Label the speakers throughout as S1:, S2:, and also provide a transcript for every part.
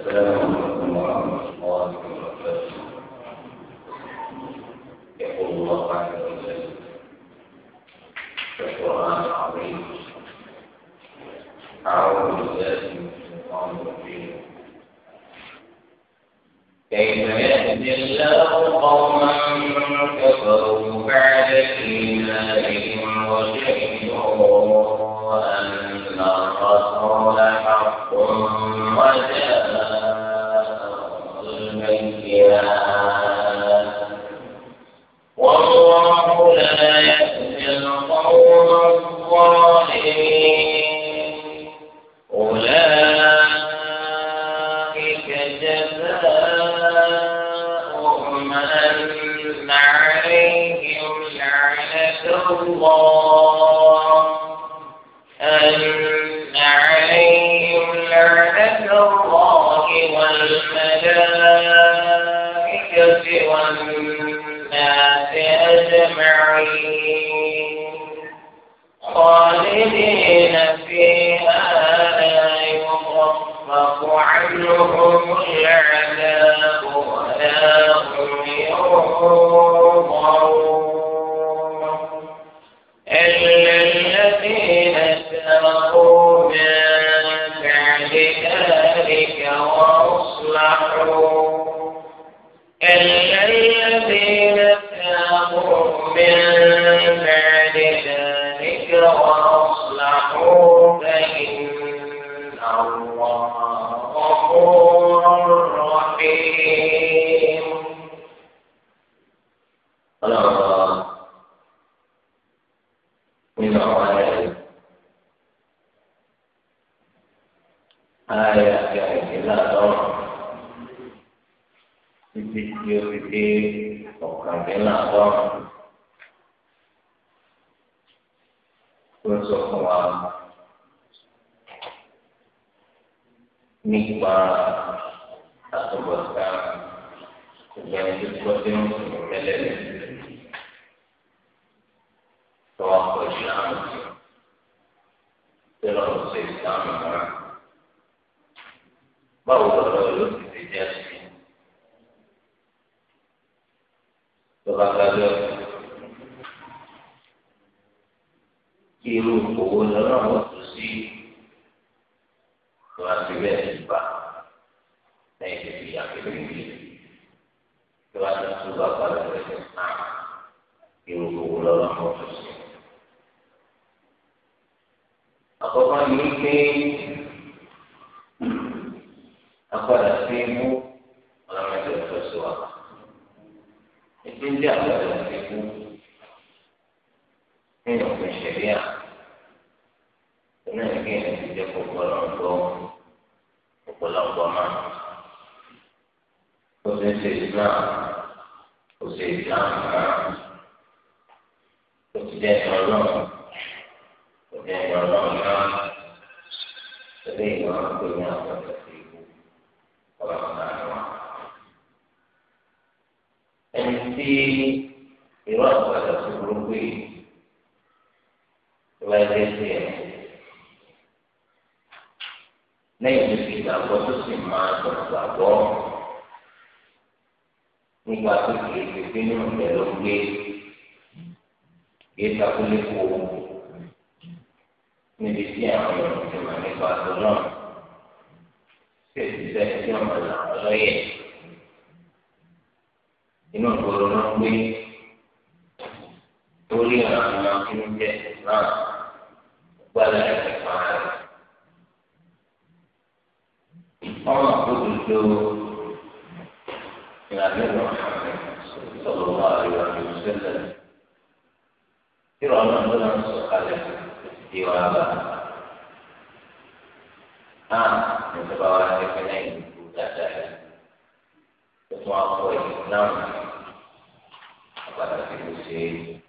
S1: السلام
S2: الله غفور ẹgbọ́dé mùsùlùmí lẹ́nu. irú àgbàdo tó burúkú yìí ìwà ẹgbẹ́ sí ẹ̀ lẹ́yìn tó fi gbàgbọ́ tó sì máa tọ̀nà gbàgbọ́ nígbà tó kìí fi bínú rẹ̀ ló gbé kìí takúlé kó níbi tí àwọn èèyàn ti mà nípa àtọ̀ náà sì ti sẹ́ni tí wọ́n máa là wọ́n lọ́yẹ̀ inú ìgboro náà gbé
S1: torí àwọn
S2: akínújẹ náà gbọ́dọ̀ ẹsẹ̀ kan rẹ ọmọ àkójọ ìlànà ìlú sọlọ wà lóyún àti ìṣẹ̀lẹ̀ ìrọ̀lẹ́ ọ̀nà ló ń sọ kalẹ̀ ìwà bá a nígbà wà ní ìpínlẹ̀ ìlú dáadáa yìí ó tún wá kọ́ ìlú náà àbàtà ìlú ṣe é.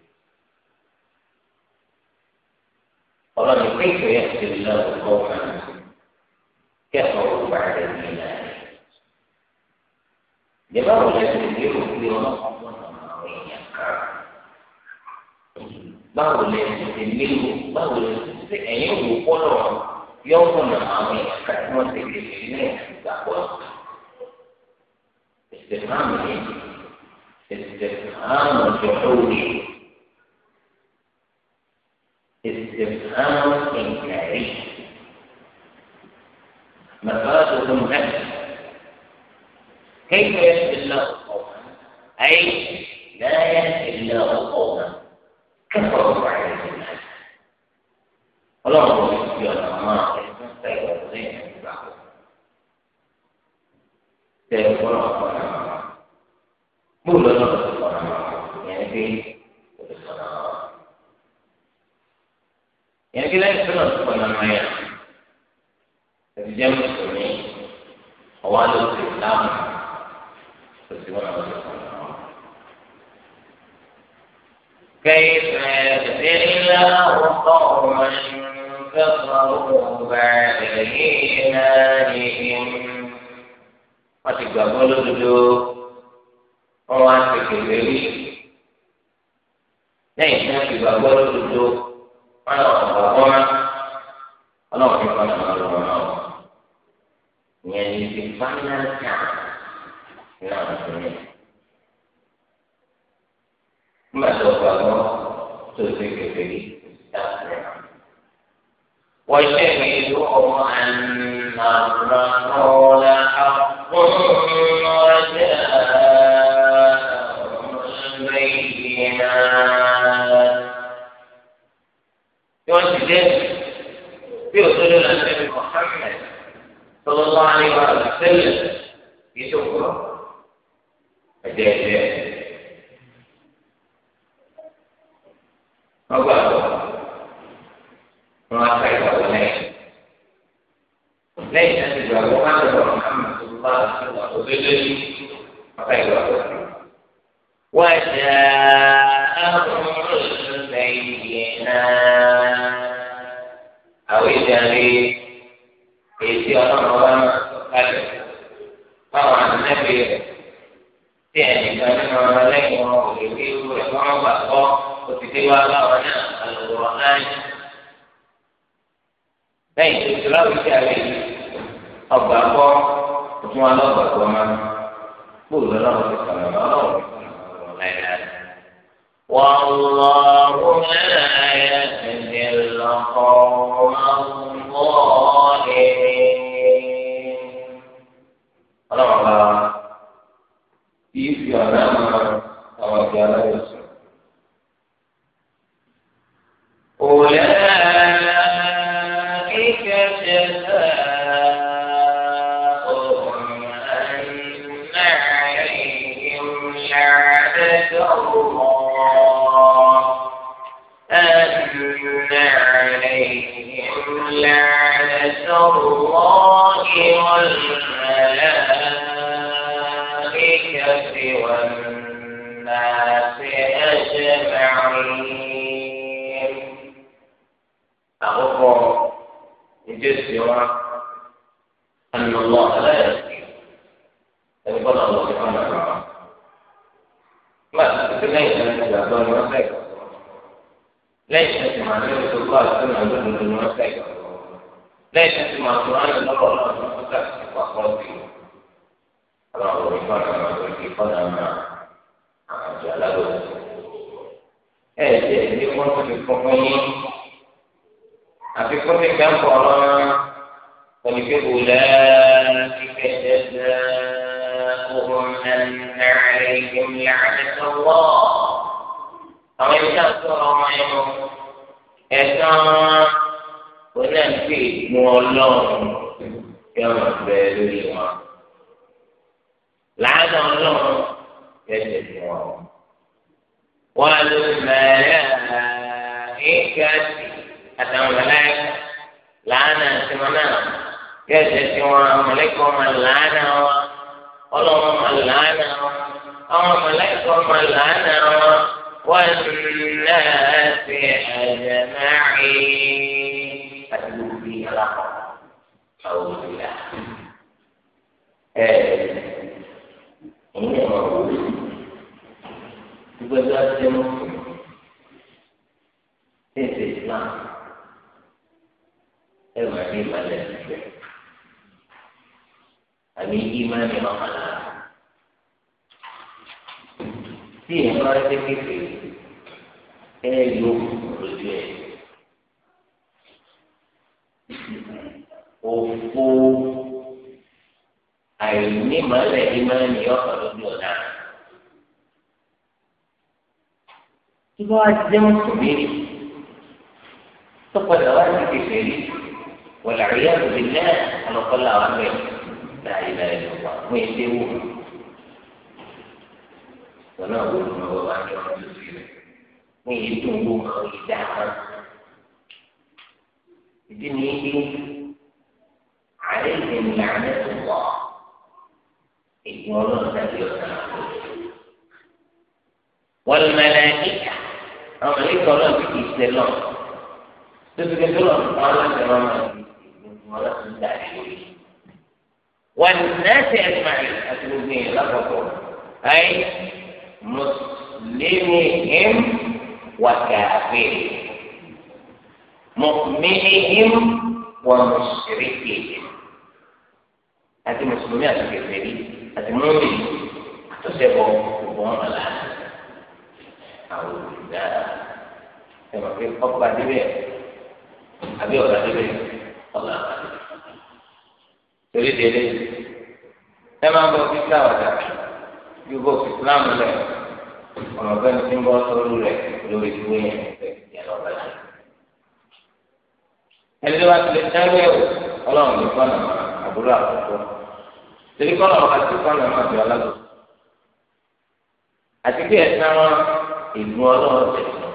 S2: قال كيف يهدي الله قوما كفروا بعد الايمان
S1: لماذا لا تنكروا في رمضان
S2: báwo lè ṣe nílò báwo lè ṣe ẹ̀yìn wò kọ́lọ̀ yóò fún mi àwọn ẹ̀ka tí wọ́n ti kéde ní ìgbàgbọ́. ìṣèlú àmì ìṣèlú àmì ọjọ́ òye. استفهام إنكاري
S1: مفاده
S2: نفي كيف يهدي الله قوما أي لا يهدي الله قوما كفروا عليه
S1: الناس ولو يقول الله
S2: سيغزين بعضهم سيغفر ìgbàgbọ́ lódodo. gbé wá báwọn náà àlùkòrò náírà lẹ́yìn tó ti ráwé sí àlẹ́ yìí ọgbà gbọ́ fún wa lọ́gbà gbọ́ máa bóòlù lọ́wọ́ ti sọ̀rọ̀ lọ́wọ́ ọ̀rọ̀ náírà rẹ̀. والله لا يهدي القوم الظالمين ربنا في في علامة أو في علامة أولئك جزاؤهم أن عليهم لعنة الله أن عليهم لعنة الله والملائكة والناس أجمعين àkọ́kọ́ ìjẹ́sìn wa ànàlọ́ aláìsí ẹni bọ́lá lọ sí fún àgbà wa. Nígbà tó ti fi lẹ́yìn náà ti gbàgbọ́ ni wọ́n fẹ́ gbàgbọ́. Lẹ́yìn náà ti máa ní oṣù kọ́ àti máa ní òdodo ni wọ́n fẹ́ gbàgbọ́. Lẹ́yìn náà ti máa tún ráyè lọ́rọ̀ náà ní wọ́n fẹ́ ti pàpọ̀ sí i. Àwọn àwọn ìfọ̀ àwọn àwọn ìfọ̀ ìfọ̀ náà máa àwọn àjọ alágbèbọ̀. Ẹ̀ẹ́dẹ̀ẹ́dẹ́ wọ́n ti fọ́fọ́ yín àfikún ní kẹ́ńpọ̀ ọlọ́run onífẹ́ wòlẹ́ kíkẹ́ ẹ̀dẹ́ ohun ẹ̀nà àlẹ́yìn làánẹ́tọ̀ wọ́. àwọn ẹni tá à ń sọ̀rọ̀ ọmọ yẹn mọ́ ẹ̀sán onáìsí ìgbọ́n ọlọ́run yóò máa bẹ lórí wọn. làánà ọlọ́run yóò ṣe wọn. wọ́n á lórí mẹ́rẹ̀ẹ́rẹ́ ìgbà tí àtàwọn ọ̀láyà làánà tiwọn náà kẹ́sẹ̀ tiwọn mọ̀lẹ́kọ̀ ọmọ làánà wọn ọlọ́wọ́ ọmọ làánà
S1: wọn àwọn mọ̀lẹ́kọ̀ ọmọ làánà wọn
S2: wọ́n náà ti ẹ̀jẹ̀ náà rí àti gbogbo bíi alákọ̀ọ́ ẹ̀ ẹ̀yìn wọlé gbogbo àti ẹ̀mọ́ fún mi ní èdè Islam ẹ máa ní ìmọ̀lẹ̀ níbẹ̀ àbí ìmọ̀lẹ̀ ọmọ náà tí èèyàn bá rí kékeré ẹ yóò lójú ẹ òfò àìní ìmọ̀lẹ̀ ìmọ̀lẹ̀ ọ̀kan lójú ọ̀nà. Tí wọ́n á jẹ́ mọ́tò méjì tó padà wá sí kékeré. والعياذ بالله أن أطلع له لا إله إلا الله ويسيروها وما أقول ما هو واحد ويسيروها ويدعها بدنيه عليهم لعنة الله إجمالا تبيعنا والملائكة أمريكا لهم في إسلام تبقى لهم قال لهم والناس أجمعين أسلوبين لفظوا أي مسلمهم وكافرهم مؤمنهم ومشركهم أنت مسلمين أنت كافرين أنت مؤمن أتصيبوا بهم الآن أعوذ بالله كما في الحب بعد ذلك أبي ولا ọ̀la torí délé ẹ máa bọ fífi àwàdà ju islam lẹ ọ̀nà bẹ́ẹ̀ ti ń bọ́ sọ́rú rẹ lórí ìwé yẹn yẹn lọ́ba yẹn. ẹni tó bá tilẹ̀ dáwé o ọlọ́run lè kọ́ nàmà àbúrò àkọ́kọ́ torí kọ́ nàmà àti kọ́ nàmà àti alágbó àti bí ẹ̀sìn àwọn ìlú ọlọ́run tẹ̀sán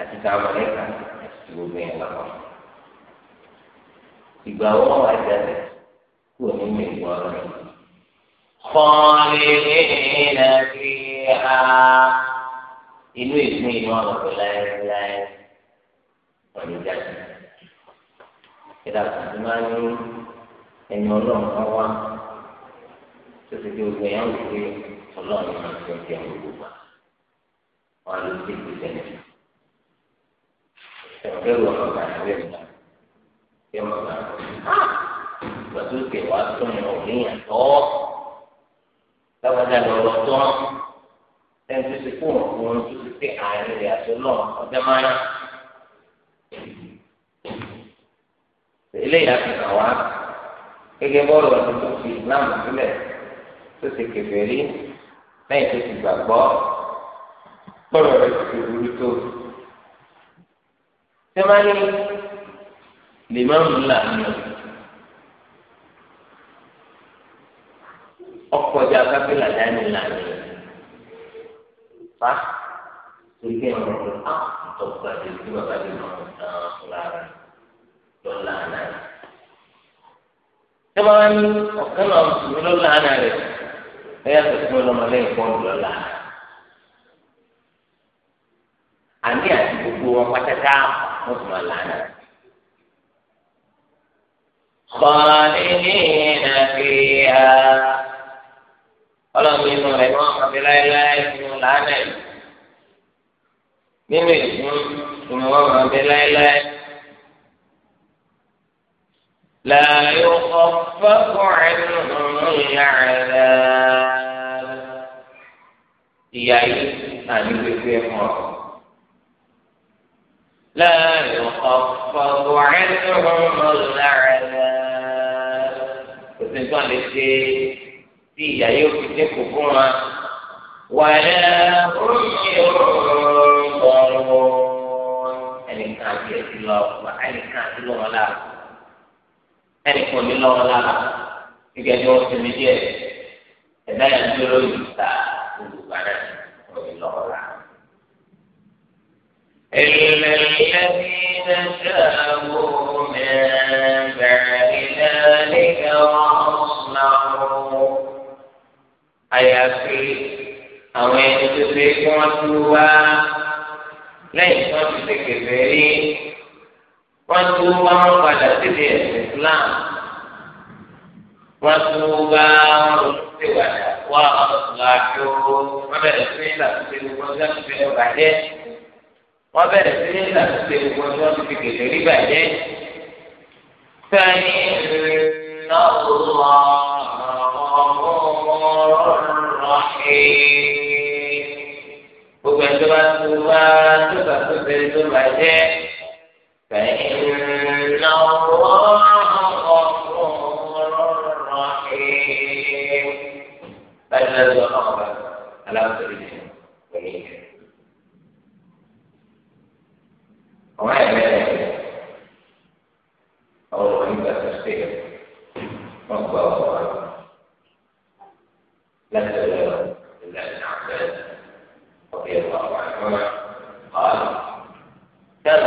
S2: àti tàwọn ẹ̀ka àti gbogbo yẹn lọ́wọ́ ìgbà wọn wà jáde kúrò nínú ìwọ rẹ. خالدين فيها inú ìsìn inú ọlọ́pàá láéláé wọn ní jáde ìdá tuntun máa ní ẹni ọlọ́run kan wá tó ti di ogun yẹn wò pé ọlọ́run máa ti ń jẹ gbogbo wọn á lọ ìgbésẹ̀ nìyẹn ẹgbẹ́ wọn kàn bá ẹgbẹ́ mi náà kí ọmọ náà ah! ìgbà tó kẹ wá tó ń lọ léèyàn tọ́ lágbàdá lọ lọ tọ́ ẹni tó ti kó òun tó ti tẹ àárín rẹ̀ àti ọlọ́run ọjọ́ máa ń. eléyà fi hàn wá gẹ́gẹ́ bọ́ọ̀lù ọ̀dọ́ tó fi islam sílẹ̀ tó ti kẹfẹ́ rí lẹ́yìn tó ti gbàgbọ́ bọ́ọ̀lù rẹ̀ ti burú tó. sẹ́mání lèmọ́ọ̀mù làánú ọkọjà kápẹ́là dání làánú fa torí kí ẹ̀rọ ọ̀rọ̀ àtọ̀gbà tó ti bàbá mi mọ̀ náà lára lọ́la náà. Ṣé máa ní ọ̀kan náà sùnmí lọ́la náà rẹ̀? Ẹ̀yà tẹ̀sán ọlọ́mọlẹ́yìn pọ́ọ̀lù lọ́la náà. àti gbogbo wọn pátákà wọn sì máa lànà خالدين فيها ọlọ́run inú rẹ̀ ni wọ́n máa fi láéláé nínú lánàá yìí nínú ìfún ni wọ́n máa fi láéláé. لا يخفف عنهم العذاب ìyà yìí àní gbèsè ẹ̀fọ́. لا يخفف عنهم العذاب sí tó ṣe tí ìyá yóò fi dínkù fún wa. wàlẹ́ oúnjẹ ọ̀rọ̀ ẹnìkan àti ẹ̀sìn lọ ẹnìkan àti lọ́wọ́ lára ẹnìkan ní lọ́wọ́ lára gẹ́gẹ́ bí wọ́n ti mi díẹ̀ ẹ̀dá yẹn dúró yìí ta olùgbà náà ní lọ́wọ́ lára. الذين تابوا من بعد ذلك وعلى àmọ́
S1: àyàfi àwọn ẹni tó ṣe kí wọ́n tú wá lẹ́yìn tí wọ́n ti ṣe kẹfẹ́ rí
S2: wọ́n tú wá wọn padà síbi ẹ̀sìn Islam wọ́n tú wá wọn olùsèwádà wá ọ̀làjò wọ́n bẹ̀rẹ̀ sí ní ìlàsíṣe gbogbo ọjọ́ ti fi bàjẹ́ wọ́n bẹ̀rẹ̀ sí ní ìlàsíṣe gbogbo ọjọ́ ti fi kẹfẹ́ rí bàjẹ́ sani nnọ́ọ̀lọ́. ìjọba tó bá tó sàtúnṣe tó bá jẹ́ fẹ̀yìn náà ọ̀rọ̀ rọ̀ láti lọ́jọ́ ọ̀rọ̀ nígbà tó ṣe wọ́n gba ọ̀rọ̀
S1: láti ọ̀rọ̀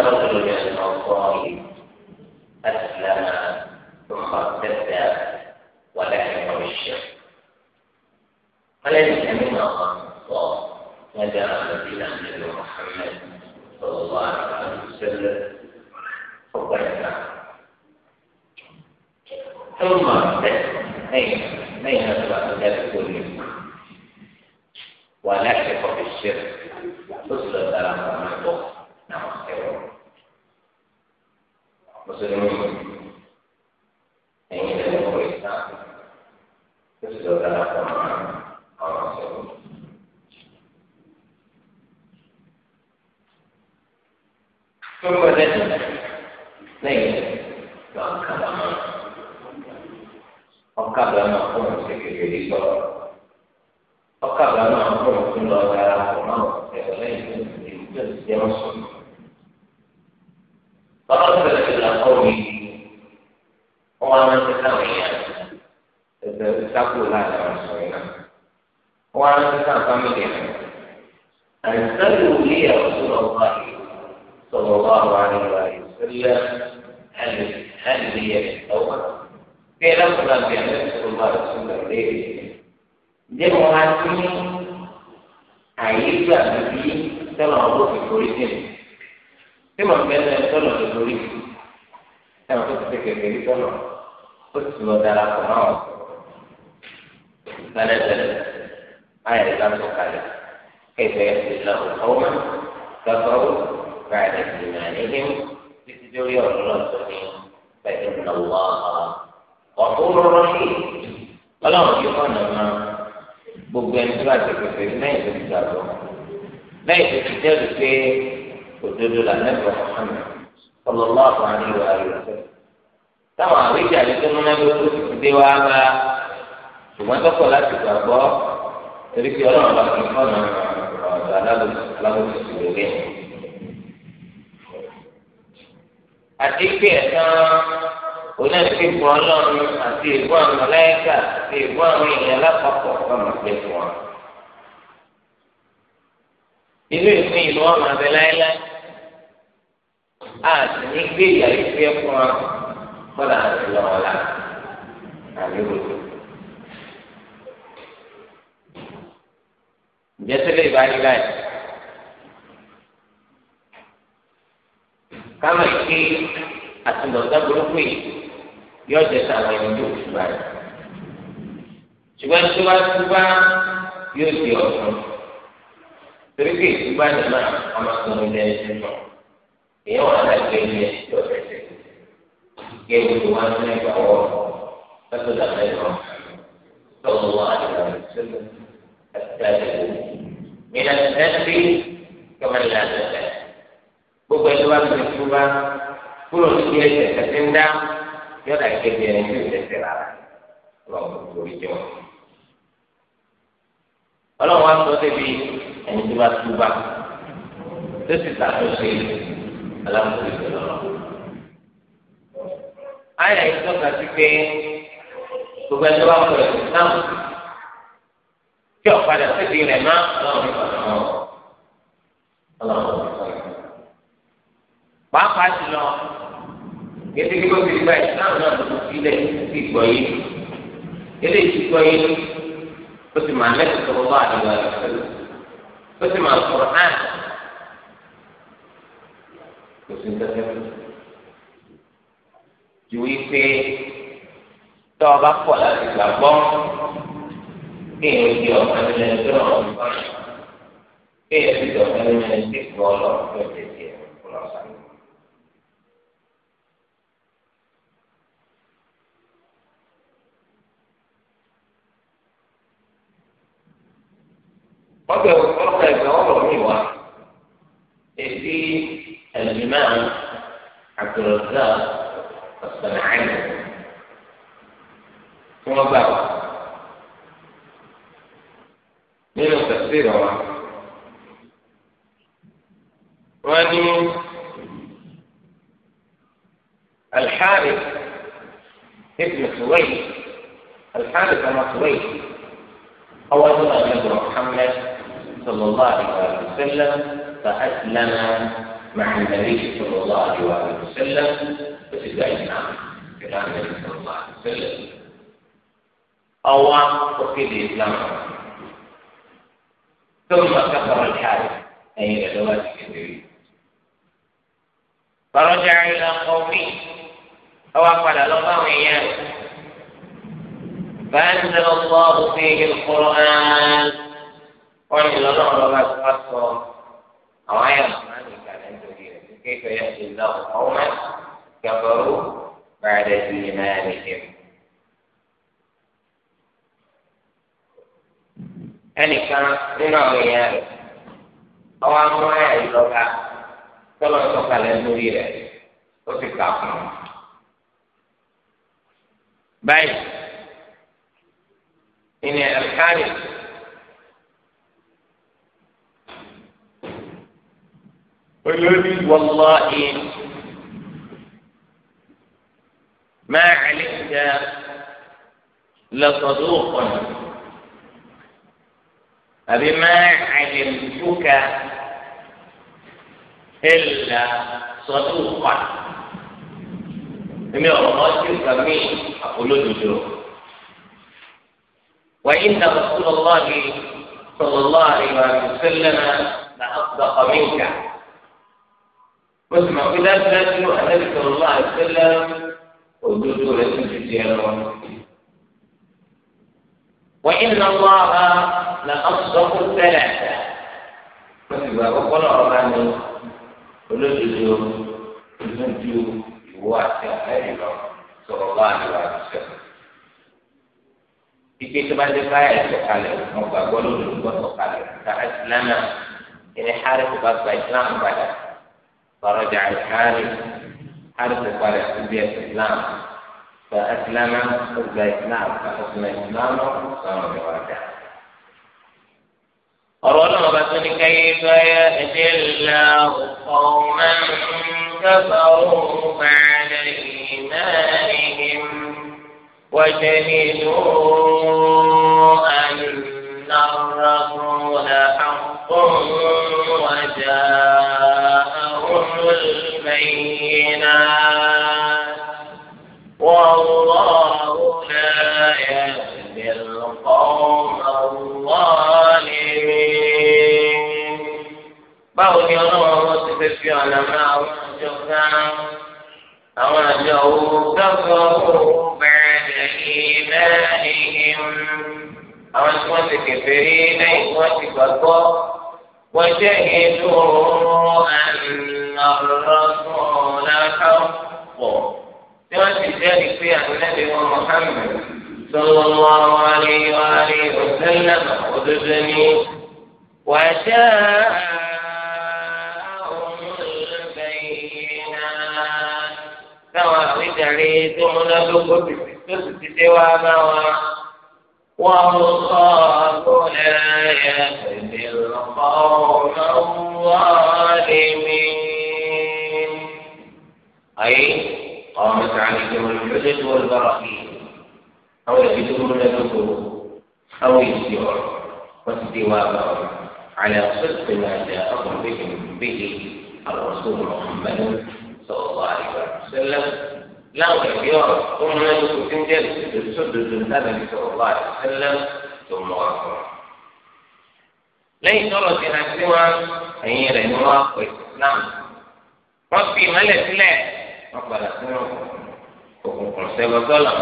S2: رجل من الأنصار أسلم ثم ارتد ولحق بالشرك فليس من الأنصار ندى مدينة النبي محمد صلى الله عليه وسلم وبركة
S1: ثم ارتد
S2: أين أين ذلك كله ولحق بالشرك أسلم ثلاثة مرات مسلمون أين يكون الإسلام
S1: يسجد لك معنا أو مسلمون ثم ذلك ليس
S2: ما كان معنا ọkadà náà fún ìṣèkèkèrè sọ̀rọ̀ ọkadà náà fún ìṣúná ọ̀gára fún náà ẹ̀rọ lẹ́yìn tó ti di ìjọ ìjẹun sọ̀rọ̀. Bàbá mi bẹ̀rẹ̀ ọ̀rọ̀ yìí wọ́n wá máa ń tẹ́tà àwọn èèyàn ẹ̀sẹ̀ ìsákò láàrin àwọn ọ̀sọ̀rọ̀ náà wọ́n wá máa ń tẹ́tà fámìlì rẹ̀ àìsàn ìwé ìyàwó ọba sọ̀rọ̀ ọba àwọn àríwá ìṣẹ̀lẹ̀ àìlèyẹ ìtọ́wọ́ bí ẹlẹ́kùnrin àti ẹlẹ́kùnrin ọba ìṣẹ̀lẹ̀ léèrè ǹjẹ́ mo máa ti ní àyè gbà bíbí sọ́nà ọdún ìforíjì mi tí mo fẹ́ lọ sọ́nà ìforíjì mi ẹ̀wọ̀n tó ti fi kékeré rí sọ́nà ó sì lọ darapọ̀ náà lálẹ́ tẹ̀lé ayé rẹ̀ bá sọ kalẹ̀ kéèké ẹ̀sìn náà ó kọ́ wọn lọ́sọ̀rọ̀ káàdì ìgbìmọ̀ àníhìn títí lórí ọ̀rọ̀ náà tó ní pẹ̀lú ìnáwó ọ̀hún rọrọ́ sí ọlọ́run yóò kàn náà máa gbogbo ẹni tó bá ti pèsè lẹ́yìn tó ti gbàgbọ́ lẹ́yìn tó ti jẹ́rìí pé òdodo là nẹ́gbọ̀ọ́ صلى الله wa sallam táwọn àwíjì àdéhùn múnádókò ti dé wá bá ṣùgbọ́n tó kọ̀ láti gbàgbọ́ torí pé ọlọ́run bá fi fọ́nà ọ̀dọ̀ alábòsí lórí. àti pé ẹ̀sán onídìí fún ọlọ́run àti ìbú àwọn màláíkà àti ìbú àwọn èèyàn lápapọ̀ ọmọ pé fún wọn. inú ìsìn ìlú ọmọ abẹ láéláé àti ní gbé ìyá ìfẹ́ fún wa kọ́lá àti lọ́wọ́ la àbí wò. ǹjẹ́ sílẹ̀ ìbáyìí báyìí káwọn ìké àtúndọ̀tà burúkú yìí yóò jẹ́ sàwọn ẹni tó kù báyìí. ṣùgbọ́n tí wọ́n ti bá yóò di ọ̀tún torí pé ìtúbà nìyẹn ọmọ tó ń lé èyí wọn náà gbé ní ẹni tí ọbẹ tẹ kí ewu tó wá nínú ẹgbà wọ lọ́tọ̀ dàbẹ lọ lọ́wọ́ wọn àdìgbà ìṣẹ̀lẹ̀ àtàlẹ nínú ẹgbẹ kọmọ ìlànà ẹgbẹ gbogbo ẹni wá gbé tó bá kúrò níbi ẹsẹ ẹsẹ ń dá yọdà kébì ẹni tí ò tẹsẹ rárá lọ́wọ́ lórí jọ Ọlọ́run wa sọ débi ẹni tí wá tó bá tó sì tà tó ṣe é aláǹkóri pẹ̀lú ọ̀rọ̀. Ayé yìí tọ́ka sí pé gbogbo ẹni tó bá kọ̀ ẹ̀sìn náà tí ọ̀padà síbi rẹ̀ má ọlọ́run ọ̀rọ̀ ọlọ́run ọ̀rọ̀. Pàápàá jùlọ, kékeré tó fi gba ẹ̀sìn náà náà lọ́dún sílẹ̀ sí ìgbọ̀ yìí. Eléyìí ti gbọ́ yìí ó sì máa lẹ́sìn tó bá àdúgbò rẹ̀ ó sì máa sọ̀rọ̀ náà kò sí tẹ́tẹ́ tó ju wípé tọ́ ọba pọ̀ láti gbàgbọ́
S1: kéèyàn di ọ̀kan nínú ẹni tó rọrùn fún ọ̀rọ̀ kéèyàn ti di ọ̀kan nínú ẹni tó kú ọlọ́run tó tẹ̀sí ẹ̀
S2: kó lọ sáré. wọ́n bẹ̀rù. الإمام عبد الرزاق الصنعاني ثم قال من تفسيره وأني الحارث ابن سويس الحارث بن سويس أول ما نبي محمد صلى الله عليه وسلم فأسلم مع النبي صلى الله عليه وسلم وتدعي معه كلام النبي صلى الله عليه وسلم أو وكيل الإسلام ثم كفر الحارث أي أدوات الكثيرين فرجع إلى قومه أو قال لهم إياه فأنزل الله فيه القرآن وإلى الله لما تقصر أو آية كيف يهدي الله قوما كفروا بعد إيمانهم ẹnìkan nínú àwọn èèyàn rẹ̀ ọwọ́ amú ayà ìlọ́ka tọ́lọ̀ sọ̀kalẹ̀ lórí rẹ̀ ó sì kà fún un. báyìí ìní ẹ̀ka rẹ̀. ويقول والله ما علمت لصدوق فبما علمتك إلا صدوقا إن الله يسمي أقول جدو وإن رسول الله صلى الله عليه وسلم لأصدق منك واسمع إذا سمعت أن أذكر الله عز وجل وجدت لكم في الزيارة وإن الله لأصدق الثلاثة وقالوا أمامي ونجد ونجد ونجد ونجد صلى الله عليه وسلم Ibi tó bá dé báyà ìsọ̀kalẹ̀ ọgbà gbọ́dọ̀ lórí ọgbà sọ̀kalẹ̀ ta àti nánà ìní xaarẹ̀ tó bá gba ìsìlámù padà. فرجع الحارث حارث قال يحتجي الإسلام فأسلم حزب الاسلام فحسن إسلامه فهو يراجع قالوا بسن كيف يهدي الله قوما كفروا بعد إيمانهم وشهدوا أن الرسول حق وجاء الأم البينات والله لا يهدي القوم الظالمين báwo ni ọlọ́run ti fẹ́ fi ọ̀nà mọ́ àwọn àjọ kan àwọn àjọ òwò gbọ́dọ̀ òwò bẹ̀rẹ̀ lẹ́yìn mẹ́rin àwọn tí wọ́n ti kẹfẹ́ rí lẹ́yìn tí wọ́n ti gbàgbọ́. وشهدوا أن الرسول حق وتوسل في النبي محمد صلى الله عليه وآله وسلم أذبني وجاء táwọn àwíjàre tó múná lóko tó sì ti dé wá والله لا يهدي القوم الظالمين أي قامت عليهم الحجج والبراهين أو يجدون لكم أو يسير واستواء على صدق ما جاءهم بهم به الرسول محمد صلى الله عليه وسلم láwọn ẹ̀rí ọ̀rọ̀ tó mú ẹni kò tí ń jẹ́ ìdòdòdòdò lábẹ́ ní sọ̀rọ̀ wá ẹ̀sẹ̀lẹ̀ tó mọ̀ ọ́ fún un. lẹ́yìn tọ́lọ̀ ti hàn sí wọn ẹ̀yìn rẹ̀ ni wọ́n á pè náà wọ́n fi ìmọ̀lẹ̀ sílẹ̀ wọ́n padà sí wọn òkùnkùn sẹ́wọ́n tọ́lọ̀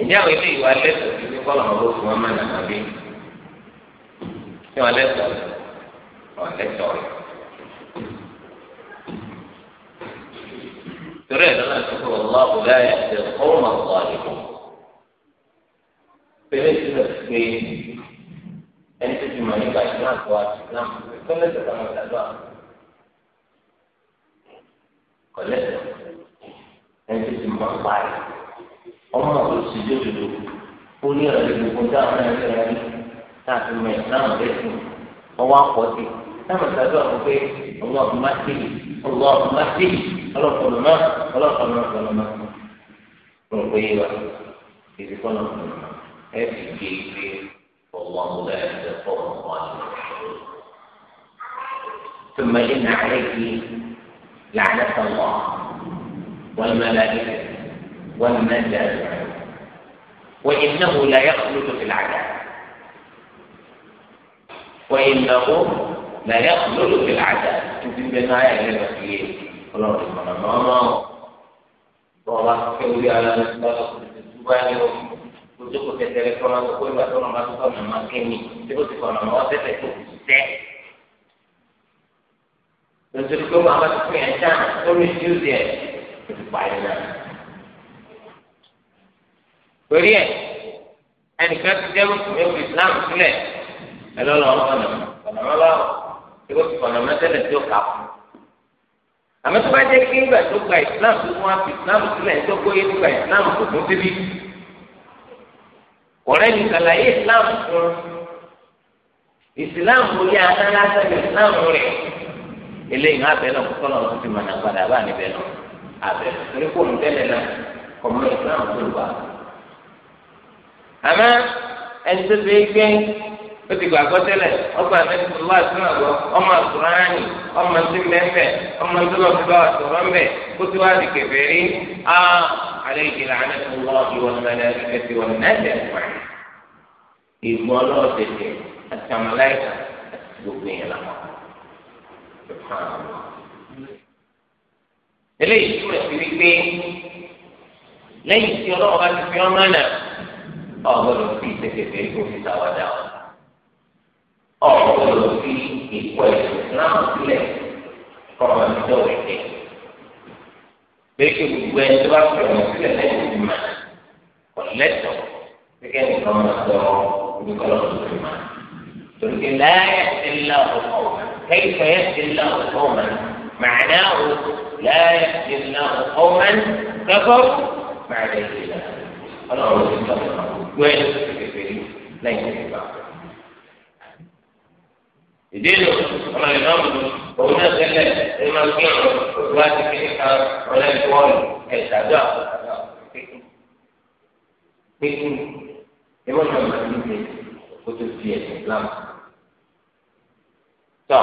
S2: ìdí àwọn ilé ìwà lẹ́sọ̀ọ́ ti wọn torí ẹ̀ lọ́nà tó kọ̀ wọ́n lọ́wọ́ láyé ẹ̀ fọ́ọ̀mù ọ̀gbọ́n àdìgbò. Pẹ̀lú ìṣúná ti pé ẹni tó ti mọ̀ nípa ìṣúná àti wá sí náà tó lẹ́sẹ̀ kan máa dàgbà. Kọ̀lẹ́sẹ̀ ẹni tó ti mọ̀ pa ẹ̀. Ọmọ ọlọ́pàá mọ̀mọ́ ọlọ́pàá mọ̀mọ́ mọ̀mọ́ rò pé wa èdè kọ́ náà mọ̀mọ́ ẹ fi gé gbé ọ̀wọ́ ọ̀gá ẹ̀jẹ̀ pọ̀ mọ́ ثم إن عليك لعنة الله والملائكة والناس أجمعين وإنه لا يخلد في العذاب وإنه لا يخلد في العذاب تبين بما يعلم فيه ọlọ́run ìmọ̀ràn náà máa ń bọ̀ wá pé orí ara ní ìgbàlọ́ kò tètè tú báyìí o ojú kò tẹ̀tẹ̀rẹ̀ kọ́ máa gbogbo ìgbà tó ọ̀nà máa tó ọ̀nà máa ké mi tí kò sì kọ́ ọ̀nà máa tẹ̀tẹ̀ tó kù tẹ́. lọ́sọ̀rọ̀ pé màmá ti fún yẹn tán ó rí sí òsì ẹ̀ ó ti pààyàn náà. torí ẹ ẹnìkan ti dẹ́rù mi ò Islam sílẹ̀ ẹ lọ́lọ́ ọ̀nà ọ̀nà máa bá ọ̀ tí kò sì kọ́ ọ̀nà máa tẹ̀lẹ̀ tí ó kà á àmọ́ tó bá jẹ́ kí ńgbà tó gba islam tó wá fi islam sílẹ̀ tó gbóyè nígbà islam kò tún débi ọ̀rẹ́ ní sàlàyé islam fún islam orí adáláṣẹ ní islam rẹ̀ eléyìí abẹ náà kó tọ́lọ̀ tó ti mọ̀ náà padà bá níbẹ̀ náà abẹ torí kò ní tẹ́lẹ̀ náà kọ̀mọ́ islam tó wà. àmọ́ ẹni tó ṣe ó ti gbàgbọ́ tẹ́lẹ̀ ọgbà mẹ́tìrì wá sínú àgọ́ ọmọ àtúráyìn ọmọ tí ń bẹ́ẹ̀ ọmọ tí wọ́n fi bá wa sọ̀rọ̀ ń bẹ̀ kó tí wàá di kẹfẹ́ rí á alẹ́ ìjìnlẹ̀ alẹ́ tó ń lọ ìwọ̀n mẹ́lẹ́ ẹgbẹ́ ti wọ́n nẹ́ẹ̀dẹ̀ wá. ìgbọ́ ọlọ́ọ̀dẹ̀dẹ̀ àti àmàláìkà àti gbogbo yẹn làwọn. eléyìí túmọ̀ sí wípé lẹ́yìn tí ọlọ́wọ́ bá ti fi ọmọ náà ọ̀gbọ́dọ̀ ọ̀gbọ́dọ̀ fi ìkọ̀ ẹ̀sùn náà sílẹ̀ kọ́mọ ní dọ̀wẹ̀ tẹ̀. Bẹ́ẹ̀kì gbogbo ẹni tó bá fi ọ̀nà sílẹ̀ lẹ́yìn tí mà kọ̀ lẹ́tọ̀ gẹ́gẹ́ ní kọ́mọ sọ orúkọ lọ́dún tí mà. Tòlùkì láyé ti lọ kẹ́kẹ́ yẹ ti lọ ọ̀mọ màánà o láyé ti lọ ọ̀mọ kẹ́kọ̀ọ́ màánà ọlọ́run ti sọ̀rọ̀ gbogbo ẹni tó ti fẹ́ lẹ́yìn tí kọ́ ìdílé ọmọ ìnáwó òun náà tẹ́lẹ̀ ẹ máa gbé ọ̀rọ̀ òun wá ti kíni kan ọ̀rẹ́ bọ́ọ̀lù ẹ̀ ṣàdó àwọn àgbà pínpín pínpín ẹ mọ̀ náà máa nílé kó tó fi ẹ̀sìn Islam. tọ́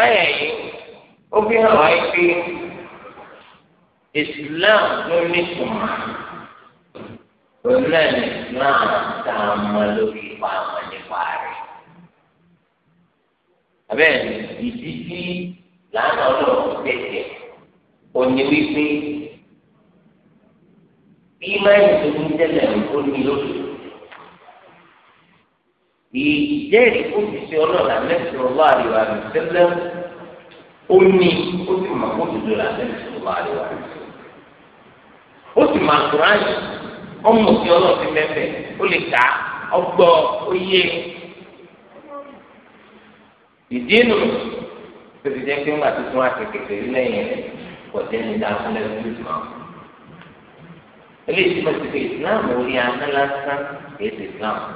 S2: ayé yìí ó fi hàn wáyé pé Islam ló ní ìtumọ̀ òun náà ní islam tá a mọ lórí ipa àwọn nípa rẹ̀ abẹ́ ìdí tí lánàá ọlọ́run tẹ̀sẹ̀ òní wípé ìmáyì tó ní tẹ́lẹ̀ ó ní lórí ìjẹ́rìí kó ti ṣe ọlọ́ọ̀la mẹ́sàn-án ọlọ́ àríwá rẹ̀ tẹ́lẹ̀ ó ní ó sì máa kó dodo la mẹ́sàn-án ọlọ́ àríwá rẹ̀ ó sì máa kúránì ọmọ òfin ọlọ́run ti mẹ́fẹ̀ ó lè kà á ọgbọ́ oyé ìdí nù tòbí jẹ́ pé wọ́n ti tún àtẹ̀kẹ̀tẹ̀ lẹ́yìn rẹ̀ pọ̀ sẹ́ni dá fún lẹ́nu tó tún àwọn. eléyìí tó ti fi ìsìláàmù orí aná lásán èsì ìsìláàmù.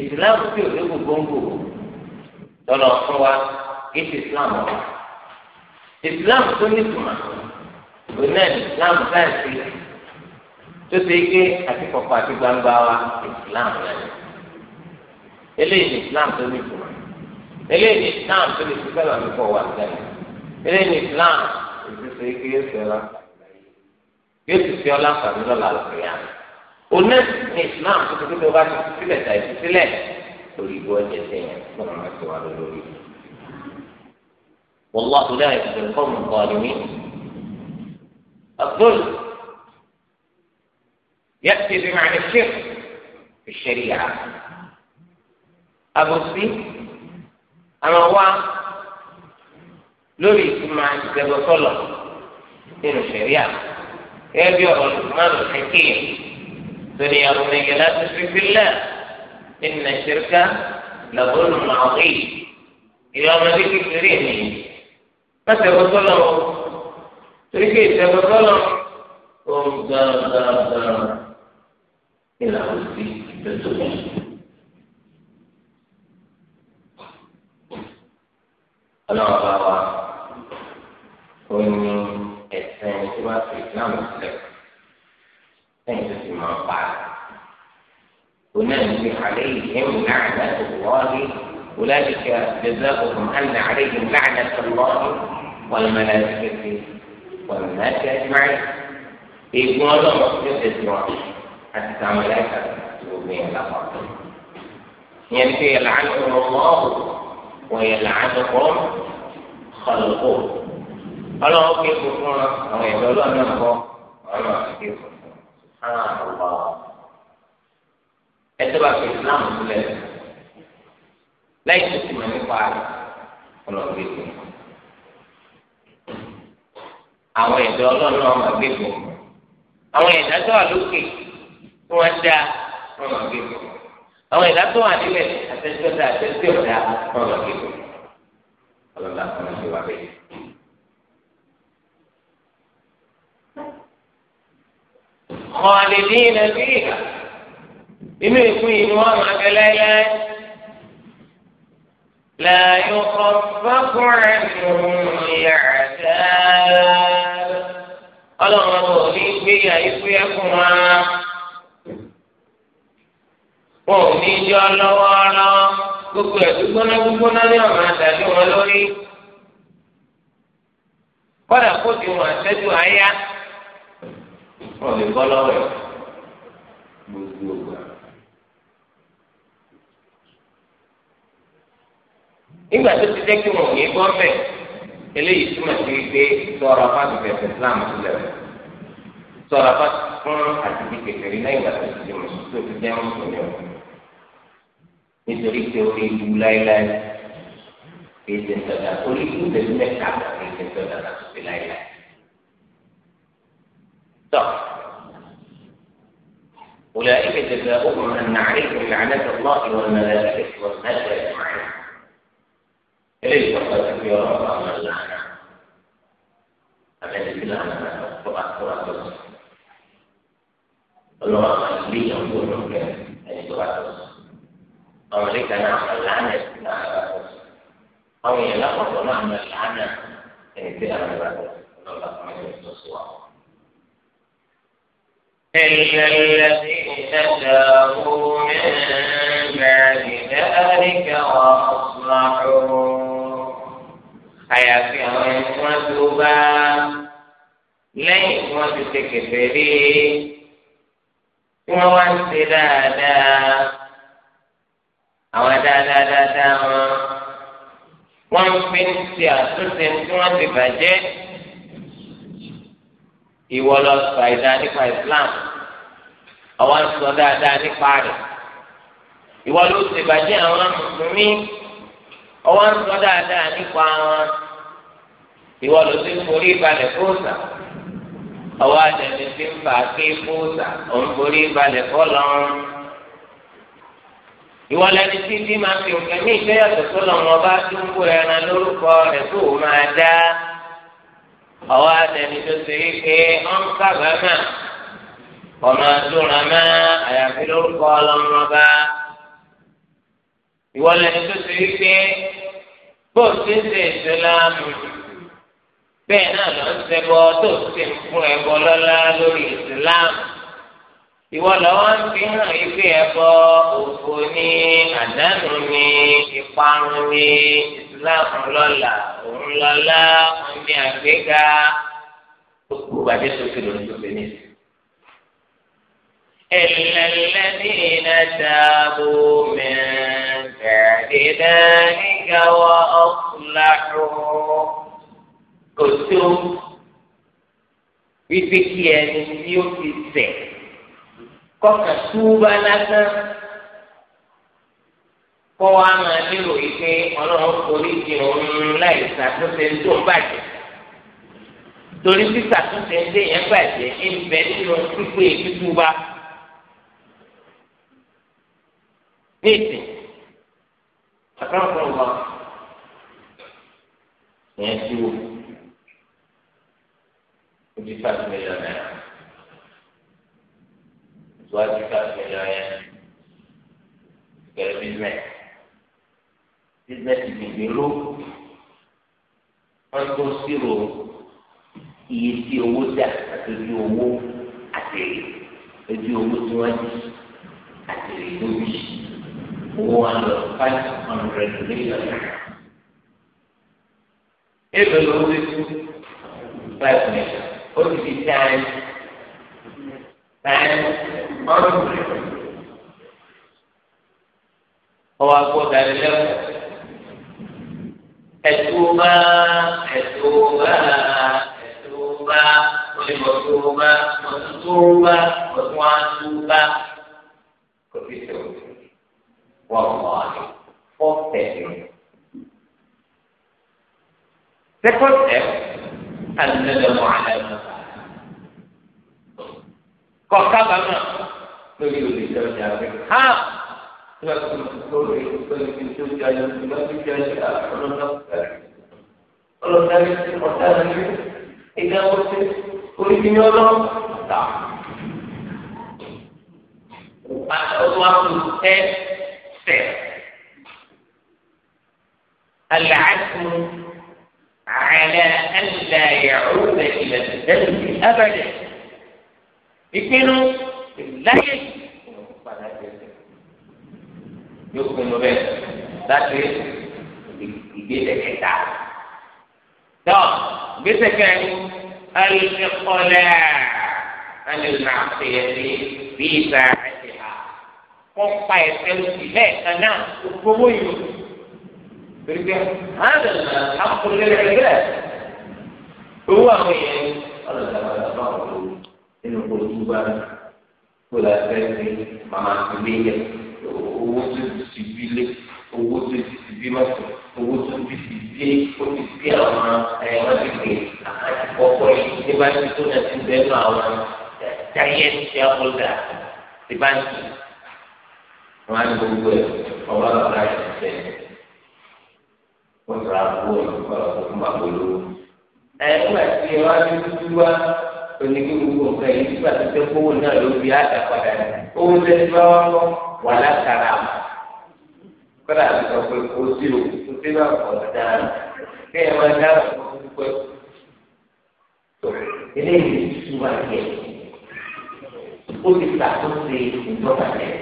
S2: ìsìláàmù tí ò lóko gbòǹgbò lọ́nà fún wa èsì ìsìláàmù ọ̀la. ìsìláàmù tó ní ìtumọ̀ òun náà ìsìláàmù láì sí tó ṣe ké àti kọ̀kọ̀ àti gbangba wa islam lẹ́nu eléyìí ni islam tó ní ìfúnra eléyìí ni islam tó lè fi sábà mi kọ̀ wá sẹ́yìn eléyìí ni islam tó ṣe ké yóò ṣe ọlá yóò ti ṣe ọlá pàdé lọ́la lọ́kẹ́yà oní ní islam tó ti tó bá ti sílẹ̀ tà ìfi sílẹ̀ lórí ìbú ẹ̀jẹ̀ sẹ́yìn fún ọmọ àti wà lórí wọ́n lọ́kùnrin àìsàn fọ́ọ̀mù kọ́ọ̀lù mi. يأتي بمعنى الشرك في الشريعة أبو سي أما هو لوري مع الجبل صلى في الشريعة يبيع الرحمن الحكيم دنيا بني لا تشرك بالله إن الشرك لظلم عظيم إذا ما ذيك كريم بس يقول صلى تريد يقول صلى رسول الله. إلى قلبي بالدنيا ọlọ́run bá wa ó ní ẹ̀sẹ̀ ẹni tó bá fi islam sílẹ̀ lẹ́yìn tó ti máa أولئك جزاؤهم أن عليهم لعنة الله والملائكة والناس أجمعين. يقول إيه، الله في الإسلام àti sàmì láìka tó gbogbo yẹn lápá. ìyẹn ní pé yàrá àti ọmọ ọ̀hún wọ̀ yàrá àti ọ̀hún xọlùkù. ọlọ́run kì í fún wọn àwọn ẹ̀dọ́ ọlọ́run náà kọ́ ọlọ́run kì í kú fún wọn. ẹtọ́ bá fi Islam sílẹ̀ láì tó ti nípa ọlọ́run kì í àwọn ẹ̀dọ́ ọlọ́run ọmọ gbẹ̀gbọ́ àwọn ẹ̀dá tó wà lókè tí wọ́n dá wọn máa gbé fún àwọn ìdá tó wà nílẹ̀ àtẹ̀síọ́dá àtẹ̀síọ́dá wọn máa gbé fún ọlọ́lá kan ṣe wà bẹ́ẹ̀. خالدين فيها inú ìpín yìí ni wọn máa bẹ láéláé láàyò kọfàkùnrin yàrá ọlọ́run ọba ò ní gbé yàrá ìfúyà fún wa wọn ò ní jọ lọ́wọ́ lọ́wọ́ gbogbo ẹ̀ gbígbóná gbígbóná ní ọ̀nà àtàlẹ́ wọn lórí. kọ́dà kó ti wọn àtẹ́jú àyà wọn lè bọ́ lọ́wọ́ ẹ̀ gbogbo ògbà. nígbà tó ti jẹ́ kí wọn ò ní bọ́ bẹ́ẹ̀ eléyìí túmọ̀ sí pé sọ̀rọ̀ fáti fẹ̀sẹ̀ Islam sílẹ̀ sọ̀rọ̀ fáti fún àti náà ìgbà tó ti jẹ́ mùsùlùmí nítorí pé orí ibu láéláé kéde sọdá orí ibu lèmi mẹ́ta kéde sọdá láti fi láéláé. tọ́ أولئك جزاؤهم أن عليهم لعنة الله والملائكة والناس أجمعين. إليك قد في رب اللعنة. أمن اللعنة فقط فقط الله الله لينظر كان أي àwọn ilé kan náà lánà sí náà àwọn èèyàn lápapọ̀ náà máa lánà ẹni tí àwọn ìgbà tó lọ́la fún ẹgbẹ́ tó sí wa. إلا lẹ́yìn tí wọn ti ṣe kẹfẹ rí tí wọn wá ń ṣe dáadáa àwọn dáadáadáa wọn wọn ń fi ń ṣe àtúnṣe tí wọn ti bàjẹ́ ìwọ lọ sọ àìdá nípa Islam àwọn sọ dáadáa nípa rẹ̀ ìwọ ló ti bàjẹ́ àwọn mùsùlùmí ọwọ́ ń sọ dáadáa nípa wọn ìwọ ló ti forí balẹ̀ fóòsà ọwọ́ àtẹ̀lẹ́ ń fà á ké fóòsà òun forí balẹ̀ fọ́lọ́run
S1: ìwọ lẹni tí bí máa fi nǹkan ní ìfẹ́ yàtọ̀ tó lọ wọn bá tó ń kó ẹran
S2: lórúkọ rẹ̀ tó o máa dá ọwọ́ àtẹni tó ṣe é pé ọ̀n kábàá mà ọ̀nà àdúrà má àyàfi lórúkọ ọlọ́run ọba ìwọ lẹni tó ṣe é pé bó o ti ń ṣe ìsìlámù bẹ́ẹ̀ náà lọ́n ṣẹbọ tó o ti ń fún ẹbọ lọ́lá lórí ìsìlámù ìwọ lọ́wọ́ ń fi hàn ife ẹ̀bọ òfò ní àdánù ní ìparun ní islam lọ́la òun lọ́la òun ní àgbéga gbogbo bàjẹ́ tó fi lòun tó fi ní. الذين تابوا من بعد ذلك وأصلحوا كتب بفكيان يوسف kọ́kà túbà lásán kọ́ wa máa nílò ìpè ọlọ́run forí di òun láì ṣàtúnṣe tó ń bàjẹ́ torí ṣíṣàtúnṣe ń dé yẹn bàjẹ́ ń bẹ nínú pípé túbà ní ìsìn àkàràkọ̀ ọ̀gá yẹn tí o ti fà náírà síwájú káfíń lọ yẹn pẹ̀lú bísíǹnẹ̀ bísíǹnẹ̀ ti gbèdé ló wọ́n tó sírò iye tí owó dà àti ojú owó àti ojú owó tí wọ́n di àti lórí owó wọn lọ five hundred million èlò lówó tó five million ó ti di times ọwọ́ agbọ́ dalẹ̀ lẹ́wọ̀ ẹ̀tùbá ẹ̀tùbá ẹ̀tùbá onímọ̀tùbá mọ̀tùtùbá mọ̀tùwàtùbá kòtí tó wọ́n mọ̀ ọ́nà fọ́ọ̀tẹ̀
S1: Second step,
S2: another one. kọkábàámà lórí olè ìjọba rẹ ha ìgbà tó ń tó lè tó lè fi tó di ayé ìgbà tó di ayé ọlọ́dàrí ọ̀dàrí ìdáwó sí oríṣi ní ọlọ́run ta. Àtọ́tọ́ àtúntò ẹ sẹ̀. العزم على ألا يعود إلى الذنب أبدا ìpinnu láyé yóò pinnu bẹ́ẹ̀ láti ìgbésẹ̀ kẹta. tọ́ ìgbésẹ̀ kẹrin alẹ́kọ̀ọ́lẹ́ alẹ́nàfẹ́yẹsẹ bíi ìgbà ẹ̀sẹ̀ ha wọ́n pa ẹ̀sẹ̀ lọ́sí lẹ́ẹ̀kan náà gbogbo yìí. torí pé hàndà náà akọ̀lẹ́rẹ́ rẹ̀ owó àwọn yẹn ọlọ́dàbàdàbà ọ̀hún. nínú kòtò bá kó la fẹ́ fi màmá fi lé yẹ owó tó ti bí lé owó tó ti bí mọ́tò owó tó ti ti bí ó ti bí àwọn ẹ̀wọ́n eh, ti gbé àkáàtì kọ́kọ́ yìí ní bá ti tó náà ti bẹ́ẹ̀ lọ àwọn giant shareholder ti báńkì wọn á ní gbogbo ẹ̀ ọ̀rọ̀ lọ́la ẹ̀ sẹ́yìn wọ́n sọ̀rọ̀ àbúrò ìfọ̀rọ̀ fún bàbá olówó. ẹ̀ nígbà tí ẹ wá ní dúdú wá oníkí gbogbo nǹkan yìí nígbà tó tẹ kówó náà ló fi àdá padà ní owó tẹ ti bá wà kọ wà látara kọ́dà àti sọ pé kò sí o kò sí bá kọ̀ dáa kí ẹ máa dáa kó dúpẹ́ tó eléyìí tú wá yẹ ó ti ṣàkóso ìjọba rẹ̀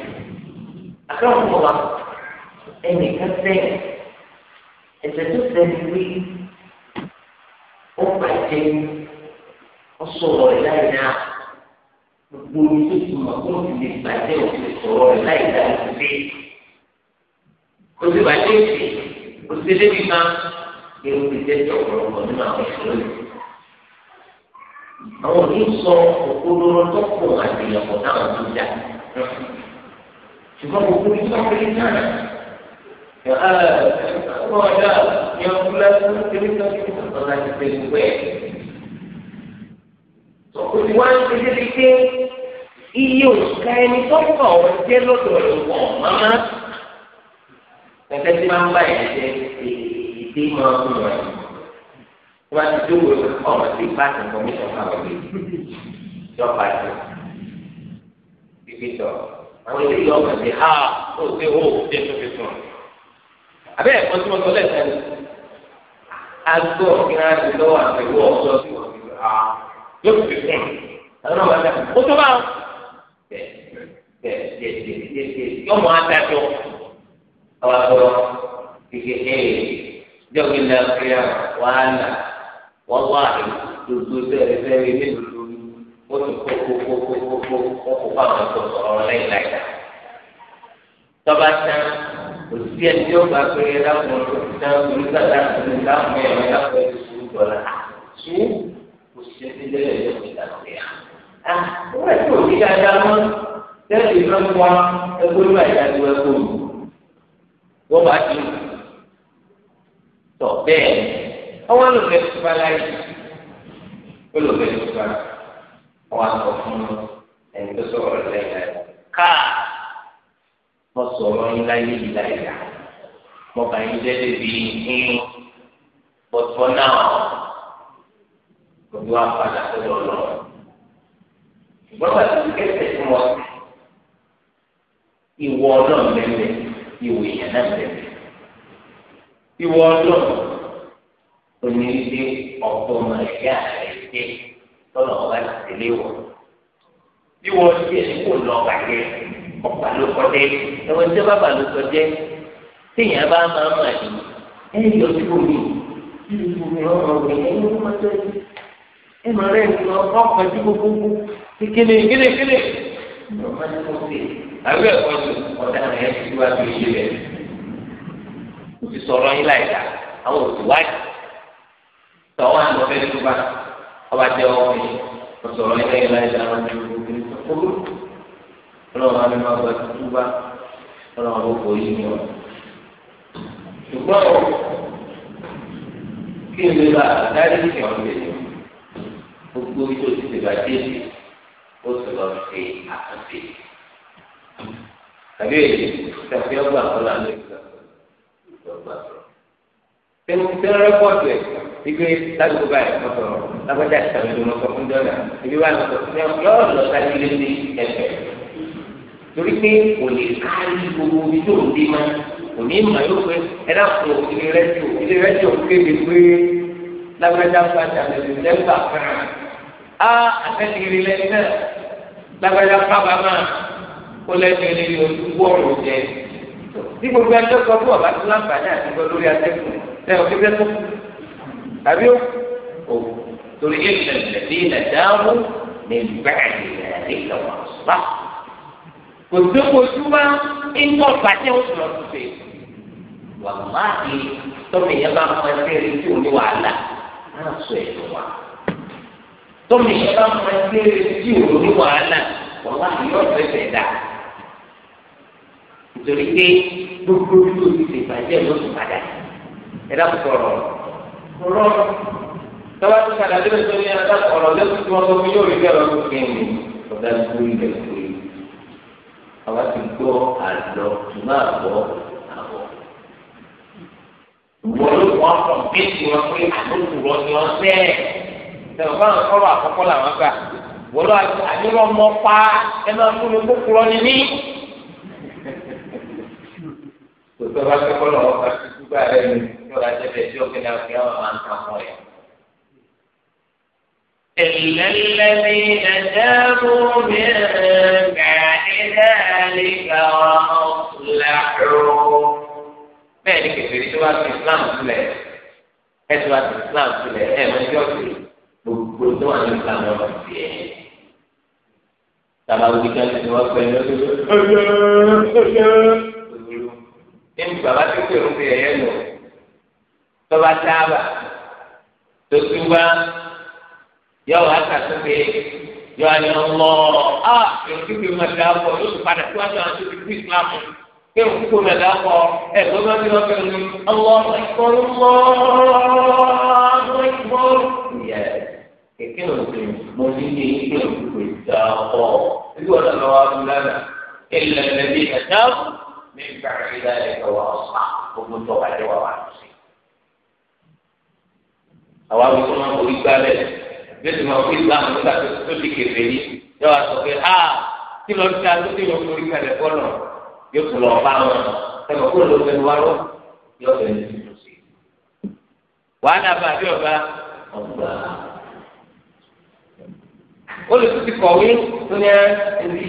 S2: àkàwọn ọmọ wa ẹnìkan sẹ́yìn ẹ̀sẹ̀ tó sẹ́yìn wí ó bàjẹ́ ọsọ̀rọ̀ rẹ̀ láì náà gbogbo omi tó ti mọ̀ kó ti lè bàjẹ́ òfin sọ̀rọ̀ rẹ̀ láì dá òfin o ti bàjẹ́ òfin o ti débi kan èrò ti jẹ́ ti ọ̀pọ̀lọpọ̀ nínú àwọn ìṣòro yìí. àwọn òní sọ òkodoro tó pọ̀ àtìlẹ́pọ̀ táwọn tó dà ṣùgbọ́n gbogbo omi tó pé náà ọ̀dà ni ọkùnrin tó ń tẹ̀lé
S1: tó
S2: ń tẹ̀lé tó o ti wá ń ṣe débi pé iye òǹkà ẹni tó kọ̀ ọ́ jẹ́ lọ́dọ̀ ìwọ̀ mọ́mọ́ nǹkan tí máa ń bá yẹn jẹ èdè máa ń wọ̀ ẹ́ wọ́n ti dúró ọ̀rọ̀ sí pàṣẹ kọmíṣọ̀n káwọn lè jọ pàṣẹ pípítọ̀ àwọn ilé yọ ọ̀gbọ̀n ti ha ó ṣe hó ṣe tó fi sùn abẹ́ ẹ̀kọ́ tí mo sọ lẹ́sẹ̀ ni agbó ọ̀gbìn á ti lọ́wọ́ àti ìwọ yóò fi kún àwọn ọmọ àgbà ó tó bá bẹ́ẹ̀ bẹ́ẹ̀ bẹ́ẹ̀ bẹ́ẹ̀ yóò mọ adájọ́ àwọn àgbọrọ kéke ẹẹ jọgbìn náà kéèyàn wàhálà wọn wà lójú bẹ́ẹ̀ bẹ́ẹ̀ nílùú ó ti kó kó kó kó kó kó kó kó bá àwọn tó sọ̀rọ̀ lẹ́yìn láyà tọba tán òsì ẹni ó gbà pé ẹ dákun ọdún tán onígbàdàn tó ní dáhùn ẹ ẹ dákun ẹ ti sùúrù dọlà sùúrù òṣìṣẹ́ ti délé ẹ̀jẹ̀ òṣìṣẹ́ ìdàgbé yà. àwọn ẹ̀sìn òbí dáadáa mọ́ tẹ́lẹ̀ ìfẹ́ wa ẹgbẹ́ olú àìdájú ẹgbẹ́ òmù wọ́n bá ti tọ̀ bẹ́ẹ̀ ọwọ́ lòfẹ́ tó bá láyé ó lòfẹ́ tó bá wọn sọ fún ẹni tó sọ̀rọ̀ lẹ́yìn rẹ̀ káà mo sọ̀rọ̀ ńlá yìí láyà mo bá yín dẹ́lẹ́bi yín bọ̀tọ̀
S1: náà
S2: òbí wa padà tó lọ lọ. ṣùgbọ́n bàtà ti kẹ́sẹ̀ fún wa ìwọ náà mẹ́lẹ̀ ìwọ èèyàn náà mẹ́lẹ̀. ìwọ náà onídìí ọ̀pọ̀ máa yá rẹ̀ dé tọ́lọ̀ ọba ti tẹ̀lé wọ̀. bí wọ́n ti ẹ̀ kó lọ bàjẹ́ ọ̀pá ló kọjẹ́ ẹ̀wọ̀n tí bàbá ló kọjẹ́ téèyàn bá máa mà ní ẹ̀yìn lọ sí omi. Ìlú ìlú ọ̀rọ̀ ẹ̀yìn ló máa tẹ̀lé ìmọ̀ rẹ̀ ń lọ ọkàn tí gbogbogbò ti kéde kéde kéde. àwọn ẹ̀kọ́ ju ọ̀daràn yẹn ti wá bí ilé rẹ̀. ó ti sọ̀rọ̀ yín láì dá àwọn òṣùwádìí. tọ́wọ́ àná ọ̀fẹ́ ní tuba ọba jẹ́ ọ̀hún mi ó sọ̀rọ̀ yín lẹ́yìn láì dá àwọn òṣùwádìí. ọlọ́run àmì máa gba tuba ọlọ́run àwọn òkò yìí ni ọ. ṣùgbọ́n kí n lè bá àdáyé ìṣẹ̀wọ̀n lè gbogbo tó ti ti bàjẹ́ ó sì lọ ṣe àtúnṣe. Tàbí èyí tàbí ọgbà ọ̀la ló ń gbà ọgbà ọ̀la. Tẹ́lẹ̀ rẹ́pọ̀tù ẹ̀ ibi ládùúgbò báyìí lọ́sọ̀ lágbájá ìtàwé ló lọ́sọ̀ fún dọ́là ibi wà lọ́sọ̀ fún yọ lọ sáré lé ní ẹ̀fẹ̀. Torí pé kò lè kárí gbogbo omi tó ń dé mọ́ kò ní mà yóò pé ẹ dàpọ̀ ilé rẹ́díò ilé rẹ́díò kéde pé lágbájá ń bá fẹ́ràn a àtẹnìrì lẹ́yìn náà lágbàdá kábàámà kó lẹ́yìn ní olùkú ọ̀rọ̀ jẹ tí gbogbo ẹjọ́ sọ fún ọ̀bá tó láǹfààní àti ìgbọ́ lórí atẹ́kùn lẹ́yìn òkè fẹ́ tó tàbí ó torí ẹ̀ṣẹ̀ lẹ́bí nàdáwó ní báyìí rẹ̀ lọ́wọ́ sọ́ọ́ kò tó kojú bá ń bọ̀ bàjẹ́ ó sọ̀rọ̀ tó fèé wàláhì tọ́mìyàn bá pẹ́ fẹ́rẹ́ tí ò ní wàhálà á sọ ẹ̀ tómi ìyẹn bá máa ń léèrè tí òun ní wàhálà wàhálà yóò fẹsẹ̀ dà nítorí pé gbogbo ojú omi ti bàjẹ́ ló ti padà ẹ dákun sọ̀rọ̀ ọ̀rọ̀ tọ́wá ti padà lórí ìtọ́jú yẹn dákun ọ̀rọ̀ lẹ́kùn tí wọ́n tó fi yóò rí bẹ́ẹ̀ lọ́dún kẹ́mi ọ̀dà gbórí rẹ̀ pé àwa ti gbọ́ àlọ́ ṣùgbọ́n àgbọ̀ àwọ̀ wọ́n ló wọ́n kọ̀ bí tiwọn pé àlọ́ òwúrọ̀ ni wọ́n bẹ́ẹ̀ tẹ̀wọ́n báwọn ọ̀rọ̀ àkọ́kọ́ làwọn gbà wọ́n lọ àdúrà ọmọ pa ẹ máa fún mi kókòrò ni mí. kò tó bá fẹ́ kọ́ lọ́wọ́ ká ti dúgbà rẹ̀ ní ìjọba tẹ̀lé tí ó kéde àfihàn wọn máa ń tàn fún ẹ̀. إلا الذين تابوا من bẹ́ẹ̀ ni kẹfẹ́ tí wọ́n ti Islam sílẹ̀ ẹ̀ tí wọ́n ti Islam sílẹ̀ ẹ̀ mọ̀ ní ọ̀sẹ̀ gbogbo tó wà ní islam wọn bá fi ẹ tàbá wuli káyọ̀ ni wọ́n pẹ́ ní ọdún ọdún ẹni bàbá tó pè ń pè ẹ̀yẹ nù tọ́ba táàbà tó tún bá yọ wá sàtúnpé yọ àní ọlọ́ à ìròkìkì máa dà pọ̀ yóò tún padà tó wá sọ àti ìdílé islam kí n kúkú máa dà pọ̀ ẹ̀ tó bá fi wọ́n pè ní ọlọ́ ìkọ́rọ́ ọlọ́ ìkọ́rọ́ kẹkẹ òsèlú mo ní ní ilé òkú ìjà ọkọ ibi wọn lọ wá fún lánà ilẹ̀ ẹ̀mẹ́bí ẹ̀dá mi gbà ìlà ẹ̀kọ́ wa ọ̀sà gbogbo tó wà lẹ́wà wà lọ́sẹ̀. àwa wí fún wọn orí gbálẹ̀ bẹ́ẹ̀ ni wọn fi ìlànà nígbà tó ti kẹfẹ́ yìí yọ wá sọ pé a kí lọ sí alóde yọ fún orí kalẹ̀ fọ́nà yóò tún lọ bá wọn ẹ̀mọ kúrò ló fẹ́ wá lọ yọ fẹ́ ní tuntun sí. wàhálà bá a ọba olùtútù kọ̀wé tó ní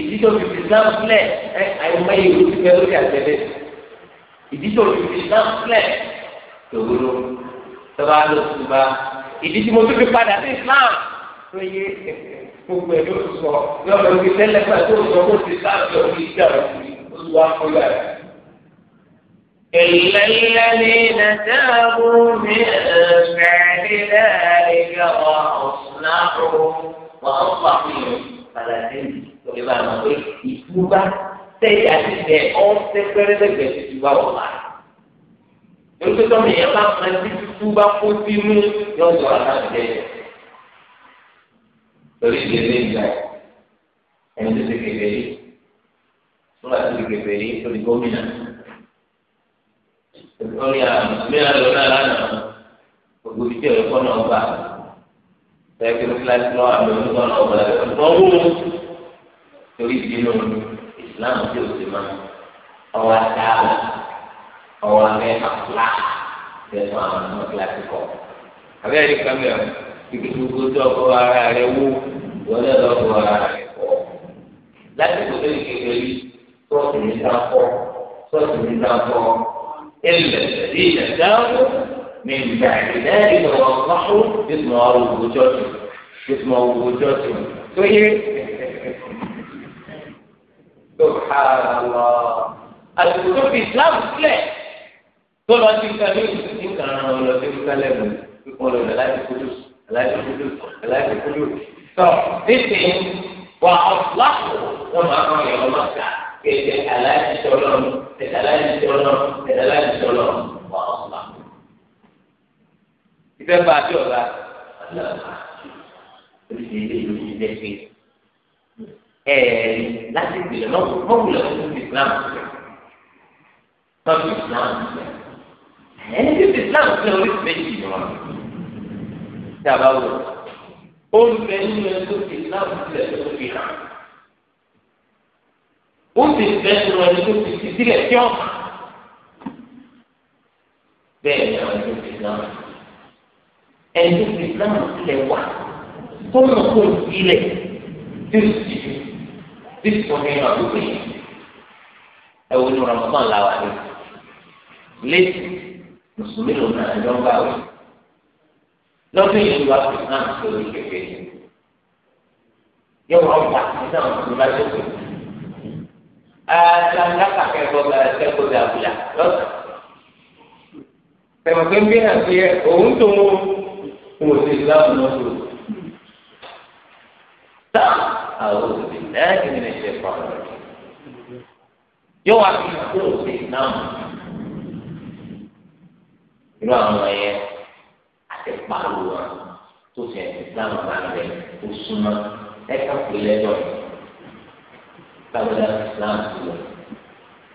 S2: ìdíjọ́ fífi islam sílẹ̀ ẹ àìmọ ìlú ti fẹ́ lórí àtẹ̀lẹ́ ìdíjọ́ fífi islam sílẹ̀ tòwúrò tọ́ba ló tún bá ìdí tí mo tún fi padà sí islam tó yé gbogbo ẹ̀ ló sọ lọ́dọ̀ fi tẹ́lẹ̀ pẹ̀ tó sọ kó ti islam lọ sí ìjà òkú olúwa kọlá rẹ̀. إلا الذين تابوا من بعد ذلك وأصلحوا ọ̀pọ̀ àfihàn àlàyé òye bá mọ̀ pé ìtura tẹ̀yà ti bẹ̀ ọ́ sẹ́pẹ́rẹ́dẹ́gbẹ̀ ti wá wọ̀ wá. Nígbà tó mi yẹn bá máa ti tútú bá kó sí mú yóò jọ àtàkùnjẹ yẹn. Lórí ìdílé ìgbà ẹni tó ti kébé yìí, nígbà tó ti kébé yìí tó di gómìnà. Ó ní àmì àlọ́ náà lánàá, gbogbo ìdílé ọ̀rẹ́ kọ́ náà gbà bẹ́ẹ̀ kí ló kíláàsì lọ àmì onígbà náà wọlé ṣùgbọ́n wú mu torí ìdínú ìsìláàmù tí o ti ma ọwọ́ àtàlà ọwọ́ abẹ́ àfúlà bẹ́ẹ̀ fún àwọn ọmọ kíláàsì kọ abẹ́ ẹni kàmíà ibi gbogbo tó ọkọ ara rẹ wú wọlé lọkọ ara rẹ kọ láti kò tó ìkéde rí sọọsì ní sáfọ sọọsì ní sáfọ ilẹ̀ ilẹ̀ من بعد ذلك وأصلحوا يسمعوا وجوههم يسمعوا وجوههم سبحان الله الكتب الإسلام سلẹ̀ tó lọ sí nǹkan ní ìlú sí nǹkan ara wọn lọ sí nǹkan lẹ́nu wọn lọ láti kúlù láti kúlù láti kúlù tọ nísìnyí wà ọ̀pọ̀lọpọ̀ wọn máa ń yọ̀ ọ́ lọ́sà kéde aláìsí tọ́lọ́mù tẹ̀sí aláìsí tọ́lọ́mù tẹ̀sí aláìsí tọ́lọ́mù ìfẹ́ bá a bí ọ̀la ẹ̀ẹ́dì láti gbìlẹ̀ mọ́wùlẹ̀ fún Islam fún Islam ẹni tí Islam fún oríṣi méjì ni wọn tí a bá wò ó ń bẹ nínú ẹni tó fi Islam sílẹ̀ tó fi hàn ó sì ń nínú ẹni tó fi sílẹ̀ tí ó hàn bẹ́ẹ̀ ni àwọn ẹni tó fi Islam sílẹ̀ ẹni tó fi náà tilẹ̀ wá tó mọ̀ kó ilẹ̀ tí o sì tí o sọ ní àdúgbò yìí ẹ wo ni ramadan la wà ní létí mùsùlùmí ló náà ẹjọ́ ń bá wẹ̀ lọ́dún yìí wà fi náà sọ̀rọ̀ kékeré yóò wọ́n wà náà ló bá tó kù ẹ̀ẹ́dá ńláka kẹ́kọ̀ọ́ kẹ́kọ̀ọ́ bí abúlé lọ́sàn-án pẹ̀lú pé bí hàn sí ẹ̀ òun tó mú un fún òsè ìsìlámù náà tó. tá àwọn òsèlè lẹ́yìn ní ẹ̀ṣẹ̀ pàrọ̀ yóò wá sí fún òsè ìsìlámù irú àwọn yẹn àtẹ̀pàlù wa tó ti ẹ̀sìn ìsìlámù bá rẹ̀ ó súnmọ́ ẹ̀ka pèlè ẹjọ́ rẹ̀ tábìlà ìsìlámù ti lọ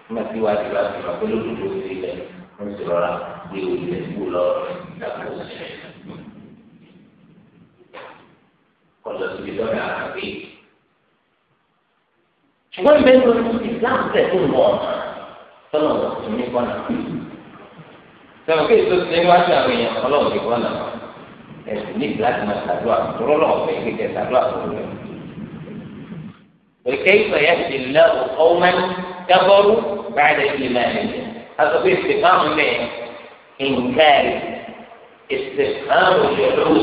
S2: nígbà tí wàá ti bá ti lọ lójú tó ti lẹ̀ ń sọ̀rọ̀ ra gbé olè kú lọ dàgbà ọ̀dọ̀ síbi lọ́dọ̀ ara pé. ṣùgbọ́n ìbẹ́ni ló ti dáhùn tẹ̀ fún wọn tọ́lọ̀ wọn ti ní kọ́nà. sọ̀rọ̀ kí èso ti wá sí àwọn èèyàn ọlọ́run ti kọ́nà ẹ̀sìn ní ìlàjì máa ṣàdúrà tọ́lọ́ lọ́wọ́ fẹ́ kékeré ṣàdúrà fún mi. òkè ìfẹ̀yà ti lẹ́ ọ̀hún dábọ́rú báyìí ti máa ń yẹ. a sọ pé ìsìnkáàmù mẹ́ẹ̀ ìǹkaàrí ìsìnkáàmù yọ̀lọ́wọ́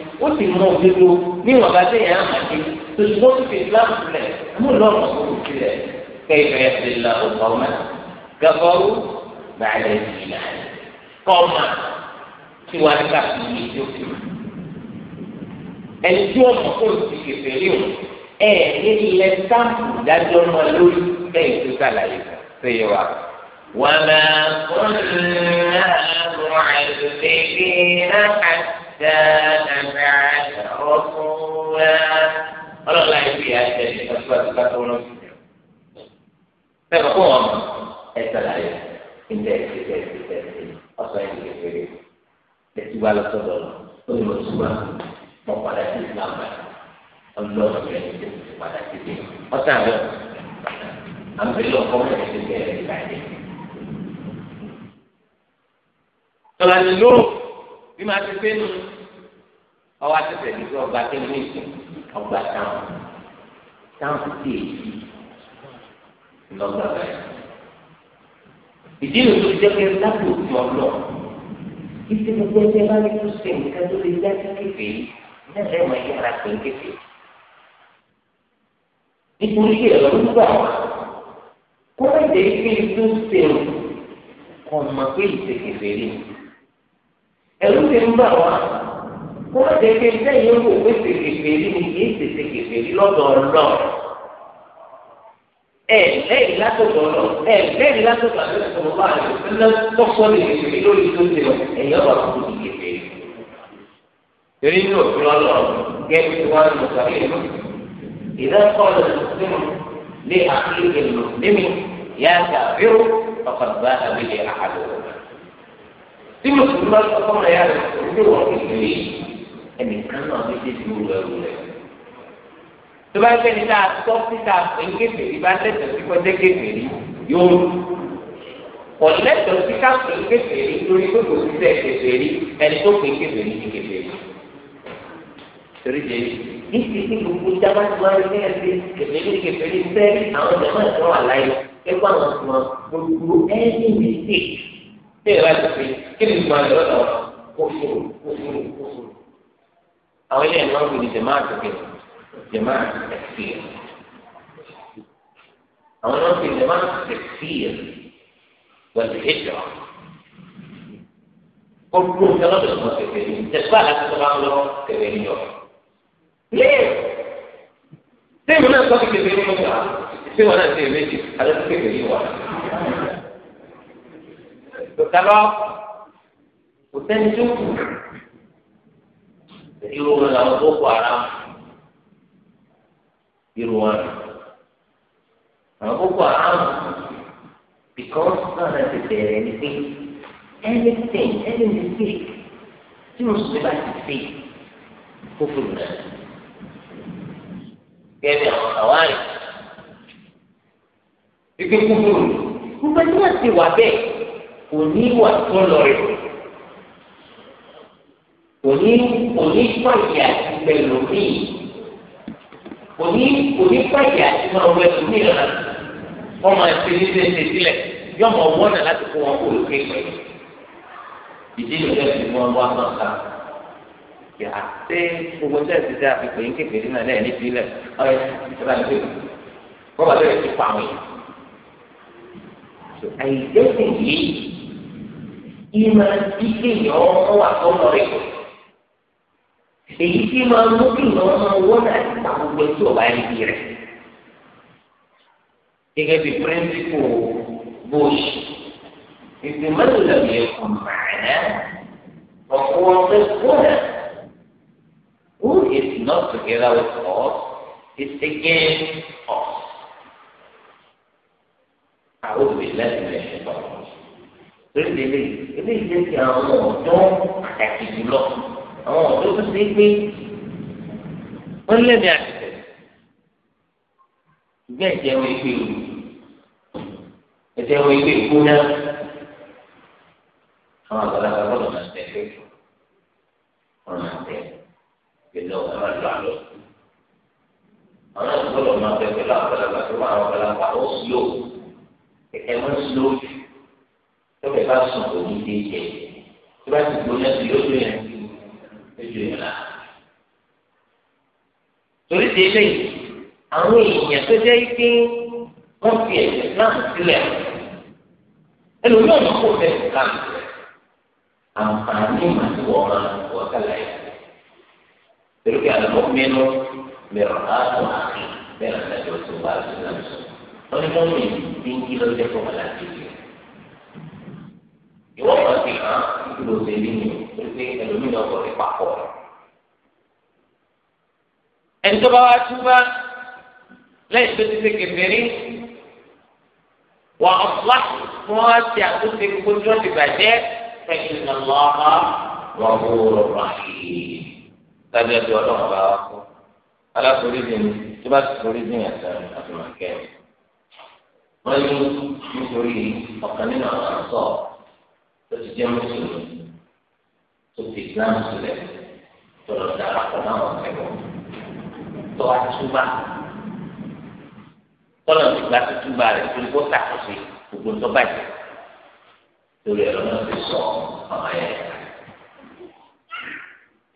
S2: ó sì mọ òdodo níwọ̀n bá tẹ̀yàn àmàdé tó ṣùgbọ́n tó fi islam sílẹ̀ mú lọ́rùn kúrò sílẹ̀ kẹ́yìn bẹ́ẹ̀ ti la ọ̀pọ̀ ọmọ gàfọ́rú bàálẹ̀ ìlà kọ́mà tí wàá ní káfí yìí tó fi mọ̀ ẹni tí wọ́n mọ̀ kó o ti kẹfẹ́ rí o ẹ̀ ní ilẹ̀ sáǹpù dájọ́ ọmọ lórí bẹ́ẹ̀ tó sàlàyé sẹ́yẹ wa. وما كنا معذبين حتى كان بعد رسولا ọlọ́run láì fi àṣẹ ìtọ́síwájúká tó lọ sí i. bẹ́ẹ̀ kó wọn ẹ sàlàyé ilé ìṣẹ̀lẹ̀ ìṣẹ̀lẹ̀ ọ̀sán ìṣẹ̀lẹ̀ ìṣẹ̀lẹ̀ ẹtí wa lọ sọ́dọ̀ ó ní mo tún wa mo padà sí islam báyìí
S1: ọlọ́run rẹ̀
S2: bí màá ti pé nu ọwọ́ àtẹ̀tẹ̀ ní sọ ọgbà tó ní ìsìn ọgbà táwọn táwọn ti èyí lọ́gbà báyìí. ìdí ìlú tó jẹ́ pé láti òkú ọlọ́ ìdí gbogbo ẹgbẹ́ bá ní kó ṣe nǹkan tó lè dá sí kékeré náà ẹ̀ máa yára pé kékeré. nítorí pé ẹ̀rọ ń gbà kó má dé pé tó ṣe kọ̀ mọ̀ pé ìṣèkèfèrè ni ẹ̀rù ti ń bà wá kó má jẹ́ pé sẹ́yìn ó pè sèkèfèrí ni kì í ṣe sèkèfèrí lọ́dọ̀ ọ̀lọ́ ẹ̀ lẹ́yìn látọ̀dọ̀ ọ̀lọ́ ẹ̀ lẹ́yìn látọ̀dọ̀ àdéhùn ọ̀lọ́ àdéhùn lọ́sọ̀ lè fèfèrí lórí tó ti lọ ẹ̀yìn ọ̀rọ̀ tó ti kèfèrí. torí ní òfin ọlọ́ gẹ́gẹ́ bí wọ́n lọ sàrí ìlú ìdákọ̀ọ́lẹ̀ mùsùlùmí lé àkíyèsí mùsùlùmí yá tí mùsùlùmí bá sọ fọmọ ẹ̀yà rẹ̀ ìdí wọn kò sí ẹnìkan náà méjèèjì wù ẹrù rẹ̀ tó bá fẹ́ ní náà tọ́ síta ẹ̀ńgẹ̀fẹ̀ rí bá lẹ́tọ̀ọ́ sí kọjá gẹ̀fẹ̀ rí yóò rú ọ̀lẹ́tọ̀ọ́ sí káfíń gẹ̀fẹ̀ rí torí pé kò sí sẹ́ẹ̀ gẹ̀fẹ̀ rí ẹni tó pè gẹ̀fẹ̀ rí ní gẹ̀fẹ̀ rí torí jẹ́ yìí ní gbogbo jábá tí wọ́n rí ẹ̀sìn gẹ̀fẹ̀ rí gẹ̀fẹ̀ rí sẹ́ẹ̀ bí ìlà ti fi kí ni ìgbà ìlú ọ̀dọ̀ kófòrò kófòrò kófòrò. àwọn ilé ìlú ọ̀gbìn jẹ̀má àtẹ̀kẹ́ jẹ̀má ẹ̀sìn. àwọn ilé ọ̀gbìn jẹ̀má ẹ̀sìn pẹ̀lú ìjọ. gbogbo ìjọba ló sọ kẹfẹ́ ní ìjẹ̀sọ́ àti ìjọba ń lọ kẹfẹ́ ní yọ. yéè sẹ́yìn náà sọ kẹfẹ́ ní yọ sí wọn náà sí èméjì alẹ́ kẹfẹ́ ní wà kòtà lọ kò sẹ́ni tó kù irun wọn làwọn tó kọ ara irun wọn àwọn tó kọ ara because náà láti bẹ̀rẹ̀ ní pé anything any mistake tí mo sùn bá ti ṣe kó fún mi náà gẹ́gẹ́ bí àwọn àwárí. Ike kúkúrú, gbogbo ẹni wọ́n ti wà bẹ́ẹ̀ kò ní wà tó lọ rẹ̀ kò ní kò ní pàjẹ́ àti pẹ̀lú mi kò ní kò ní pàjẹ́ àti máa wọ ẹ̀sùn mi rà wọ́n máa ṣe ní ṣe sílẹ̀ yọ ọmọ wọ́nà láti kó wọn kó o ké pẹ̀ ìdí ìjọba ìdìbò wọn wá náà ká yà ṣé gbogbo ṣe ti dá àfikò yín kékeré náà lẹ́yìn ní sílẹ̀ ọ̀rẹ́ ìjọba ìdìbò kọ́ bàbá rẹ̀ ti pa àwọn yìí ìmọ̀ ike yọ ọmọ wà sọ́nà rẹ̀ èyí tí máa mú kí ìyọ̀ ọmọ wọ́n náà ti ta gbogbo tí ọba yẹn di rẹ̀ gẹ́gẹ́ bí píríncípù bush ìgbìmọ̀lù lọ́dún yẹn kò màánà ọ̀pọ̀ ọ̀pẹ̀ kúrẹ̀ who is not together with us is against us. أعوذ بالله من الشيطان torí lele eléyìí lè fi àwọn ọ̀dọ́ pàtàkì jùlọ àwọn ọ̀dọ́ tó ṣe pé wọ́n lẹ́mí àtẹ̀tẹ̀ ìgbẹ́ ẹ̀jẹ̀ wọn ìgbé òru
S1: ẹ̀jẹ̀ wọn ìgbé ìgbóná àwọn àgbàlagbà gbọ́dọ̀
S2: máa tẹ̀lé wọn máa tẹ̀ pẹ̀lú àwọn máa lọ àlọ́ àwọn àgbàlagbà máa tẹ̀ pẹ̀lú àgbàlagbà tó máa àwọn àgbàlagbà ó slow kẹ̀kẹ́ wọn slow jù lọ́kẹ́ bá sùn kò dé jẹ tí bá ti gbóná sí lójú yẹn lójú yẹn la. torí ti eléyìí àwọn èèyàn tó jẹ́ pé wọ́n fi ẹ̀sẹ̀ náà sílẹ̀ ẹlòmíràn kò fẹ́ ká àǹfààní màdìwọ̀ ọ̀ràn wọ́kàlà yìí. torí pé àlọ́ mẹ́nu mẹ́rọ̀ á sọ bẹ́ẹ̀ ni àjọ tó bá náà sọ. wọ́n ní mọ́mí ní kí ló fún wọn láti fi ìwọ kan fi hàn kí ló ṣe rí ni o pé ẹlòmíràn ọkọ rẹ papọ̀ rẹ. ẹni tó bá wá túbá lẹ́yìn tó ti ṣe kẹfẹ́rí wà ọ̀pá tí wọ́n wá ti àtúnṣe gbogbo tí wọ́n ti bàjẹ́ fẹ̀yìn nàlọ́ọ̀mọ́ wọ́n bó rọrùn àyè tàbí ẹbí ọlọ́run bá wá kú aláforíjì ni tó bá ti forí jìn àti àtúnmọ̀kẹ́ wọ́n ní nítorí ọ̀kan nínú àwọn àṣọ tó ti jẹ́ mùsùlùmí tó fi islam sílẹ̀ tó lọ darapọ̀ náwọn ẹ̀kọ́ tó wá túbà tọ́lọ̀ ti gba túbà rẹ̀ tó kó sàkóso gbogbo tó bàjẹ́ lórí ẹ̀rọ náà ti sọ ọmọ ẹ̀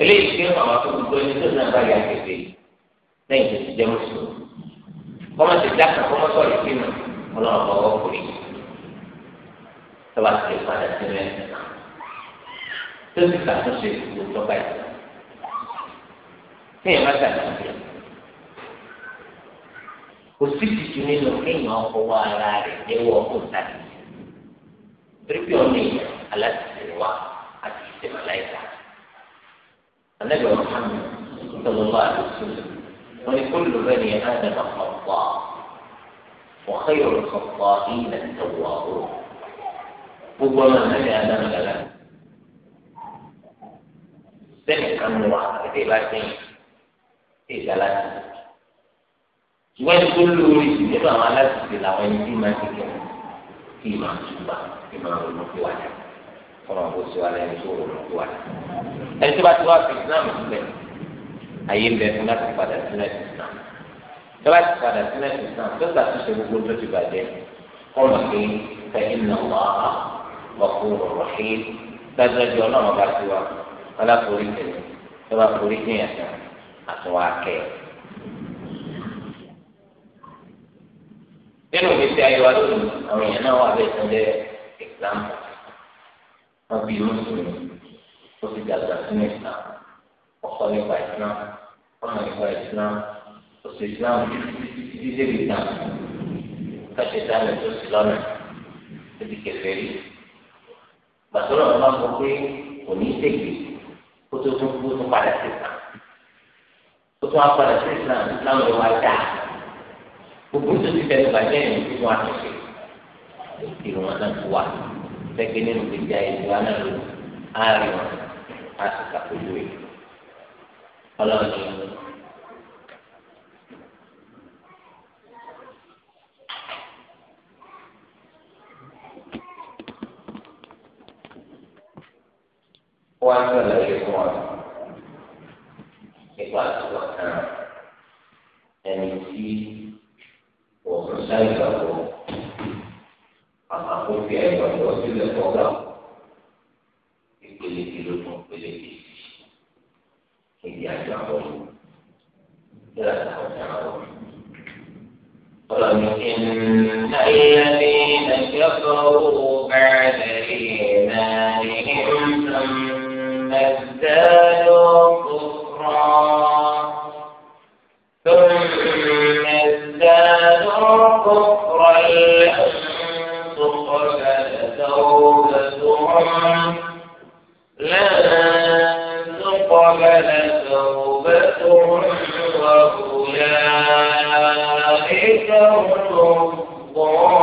S2: eléyìí fi hàn wá fún gbogbo ẹni tó náà bá yà kéde lẹ́yìn tó ti jẹ́ mùsùlùmí kọ́mọ̀tì dákà kọ́mọ̀tì ọ̀rẹ́ ọlọ́run ọ̀gbọ́n kò ní. tó bá ti padà sí rẹ̀ tó sì ṣàtúnṣe ìlú tó bá yìí kéèyàn má ṣàtúnṣe kò sí tìtù nínú kéèyàn ọkọ̀wọ́ ara rẹ̀ léwọ́ ọkọ̀ tàbí torí pé ọ̀nà èèyàn aláṣẹ̀ṣẹ̀ wà àti ìṣẹ̀mọ̀ láìka
S1: النبي محمد صلى الله عليه وسلم ولكل بني آدم
S2: خطاء وخير الخطائين التوابون gbogbo ọmọ nàbí adamu dada sẹni kanu wa kéde bá sẹ́yìn kéde dala ti wọn tó lórí nínú àwọn aláṣẹṣe làwọn ẹni tí ma ti kẹ kí ìmọ̀ àtúbà ìmọ̀ ronú kí wà dà fọlọ kó sí wa lẹ́ni tó ronú kí wà dà ẹni tó bá ti wá fi islam sílẹ̀ ayé ń bẹ fún láti padà sílẹ̀ islam tó bá ti padà sílẹ̀ islam tó sàtúnṣe gbogbo tó ti bàjẹ́ kọ́ ọ̀nà pé fẹ́ iná wàá. غفور رحيم dájúdájú ọlọ́run bá ti wá ọlọ́forí tẹ̀lé tó bá forí tẹ̀lé ẹ̀sán àtúwá kẹ́ ẹ̀. nínú ìgbésí ayé wa lónìí àwọn èèyàn náà wà bẹ́ẹ̀ tó ń jẹ́ ìsìlámù wọn bí mùsùlùmí ó ti dàgbà sínú ìsìlámù ọkọ nípa ìsìlámù ọmọ nípa ìsìlámù òsì ìsìlámù títí débi ìsìlámù káṣíńtà lè tó sí lọ́nà ó ti kẹfẹ́ rí gbàtọ́rọ̀ ọ̀nà sọ pé kò ní ṣègbè kó tó tún kó tún padà sí ìsàn kó tún wá padà sí ìsàn ìsàn rẹ̀ wá dáa gbogbo tó ti bẹ̀rẹ̀ bàjẹ́ yẹn ti tún àtúnṣe ìrùn náà ti wà lẹ́gbẹ̀ẹ́ nínú gbèsè àyẹ̀wò náà ló àárín wọn á sì ṣàpèjúwe ọlọ́run ó wá sọ̀làyé fún ọ nípa àtúbọ̀ kan ẹni tí òun ṣàìgbàgbọ́ àmàkó fi àìgbàgbọ́ sílẹ̀ fọ́gbà ìpele kìlógún ìpele kìlógún ìdí àgbàgbọ́ yóò àtàwọn ìyàwó. ولكن الذين كفروا بعد إيمان نزداد كفرا
S1: ثم ازداد
S2: كفرا لن تقبل توبتهم لن تقبل توبتهم وأولئك هم الضالون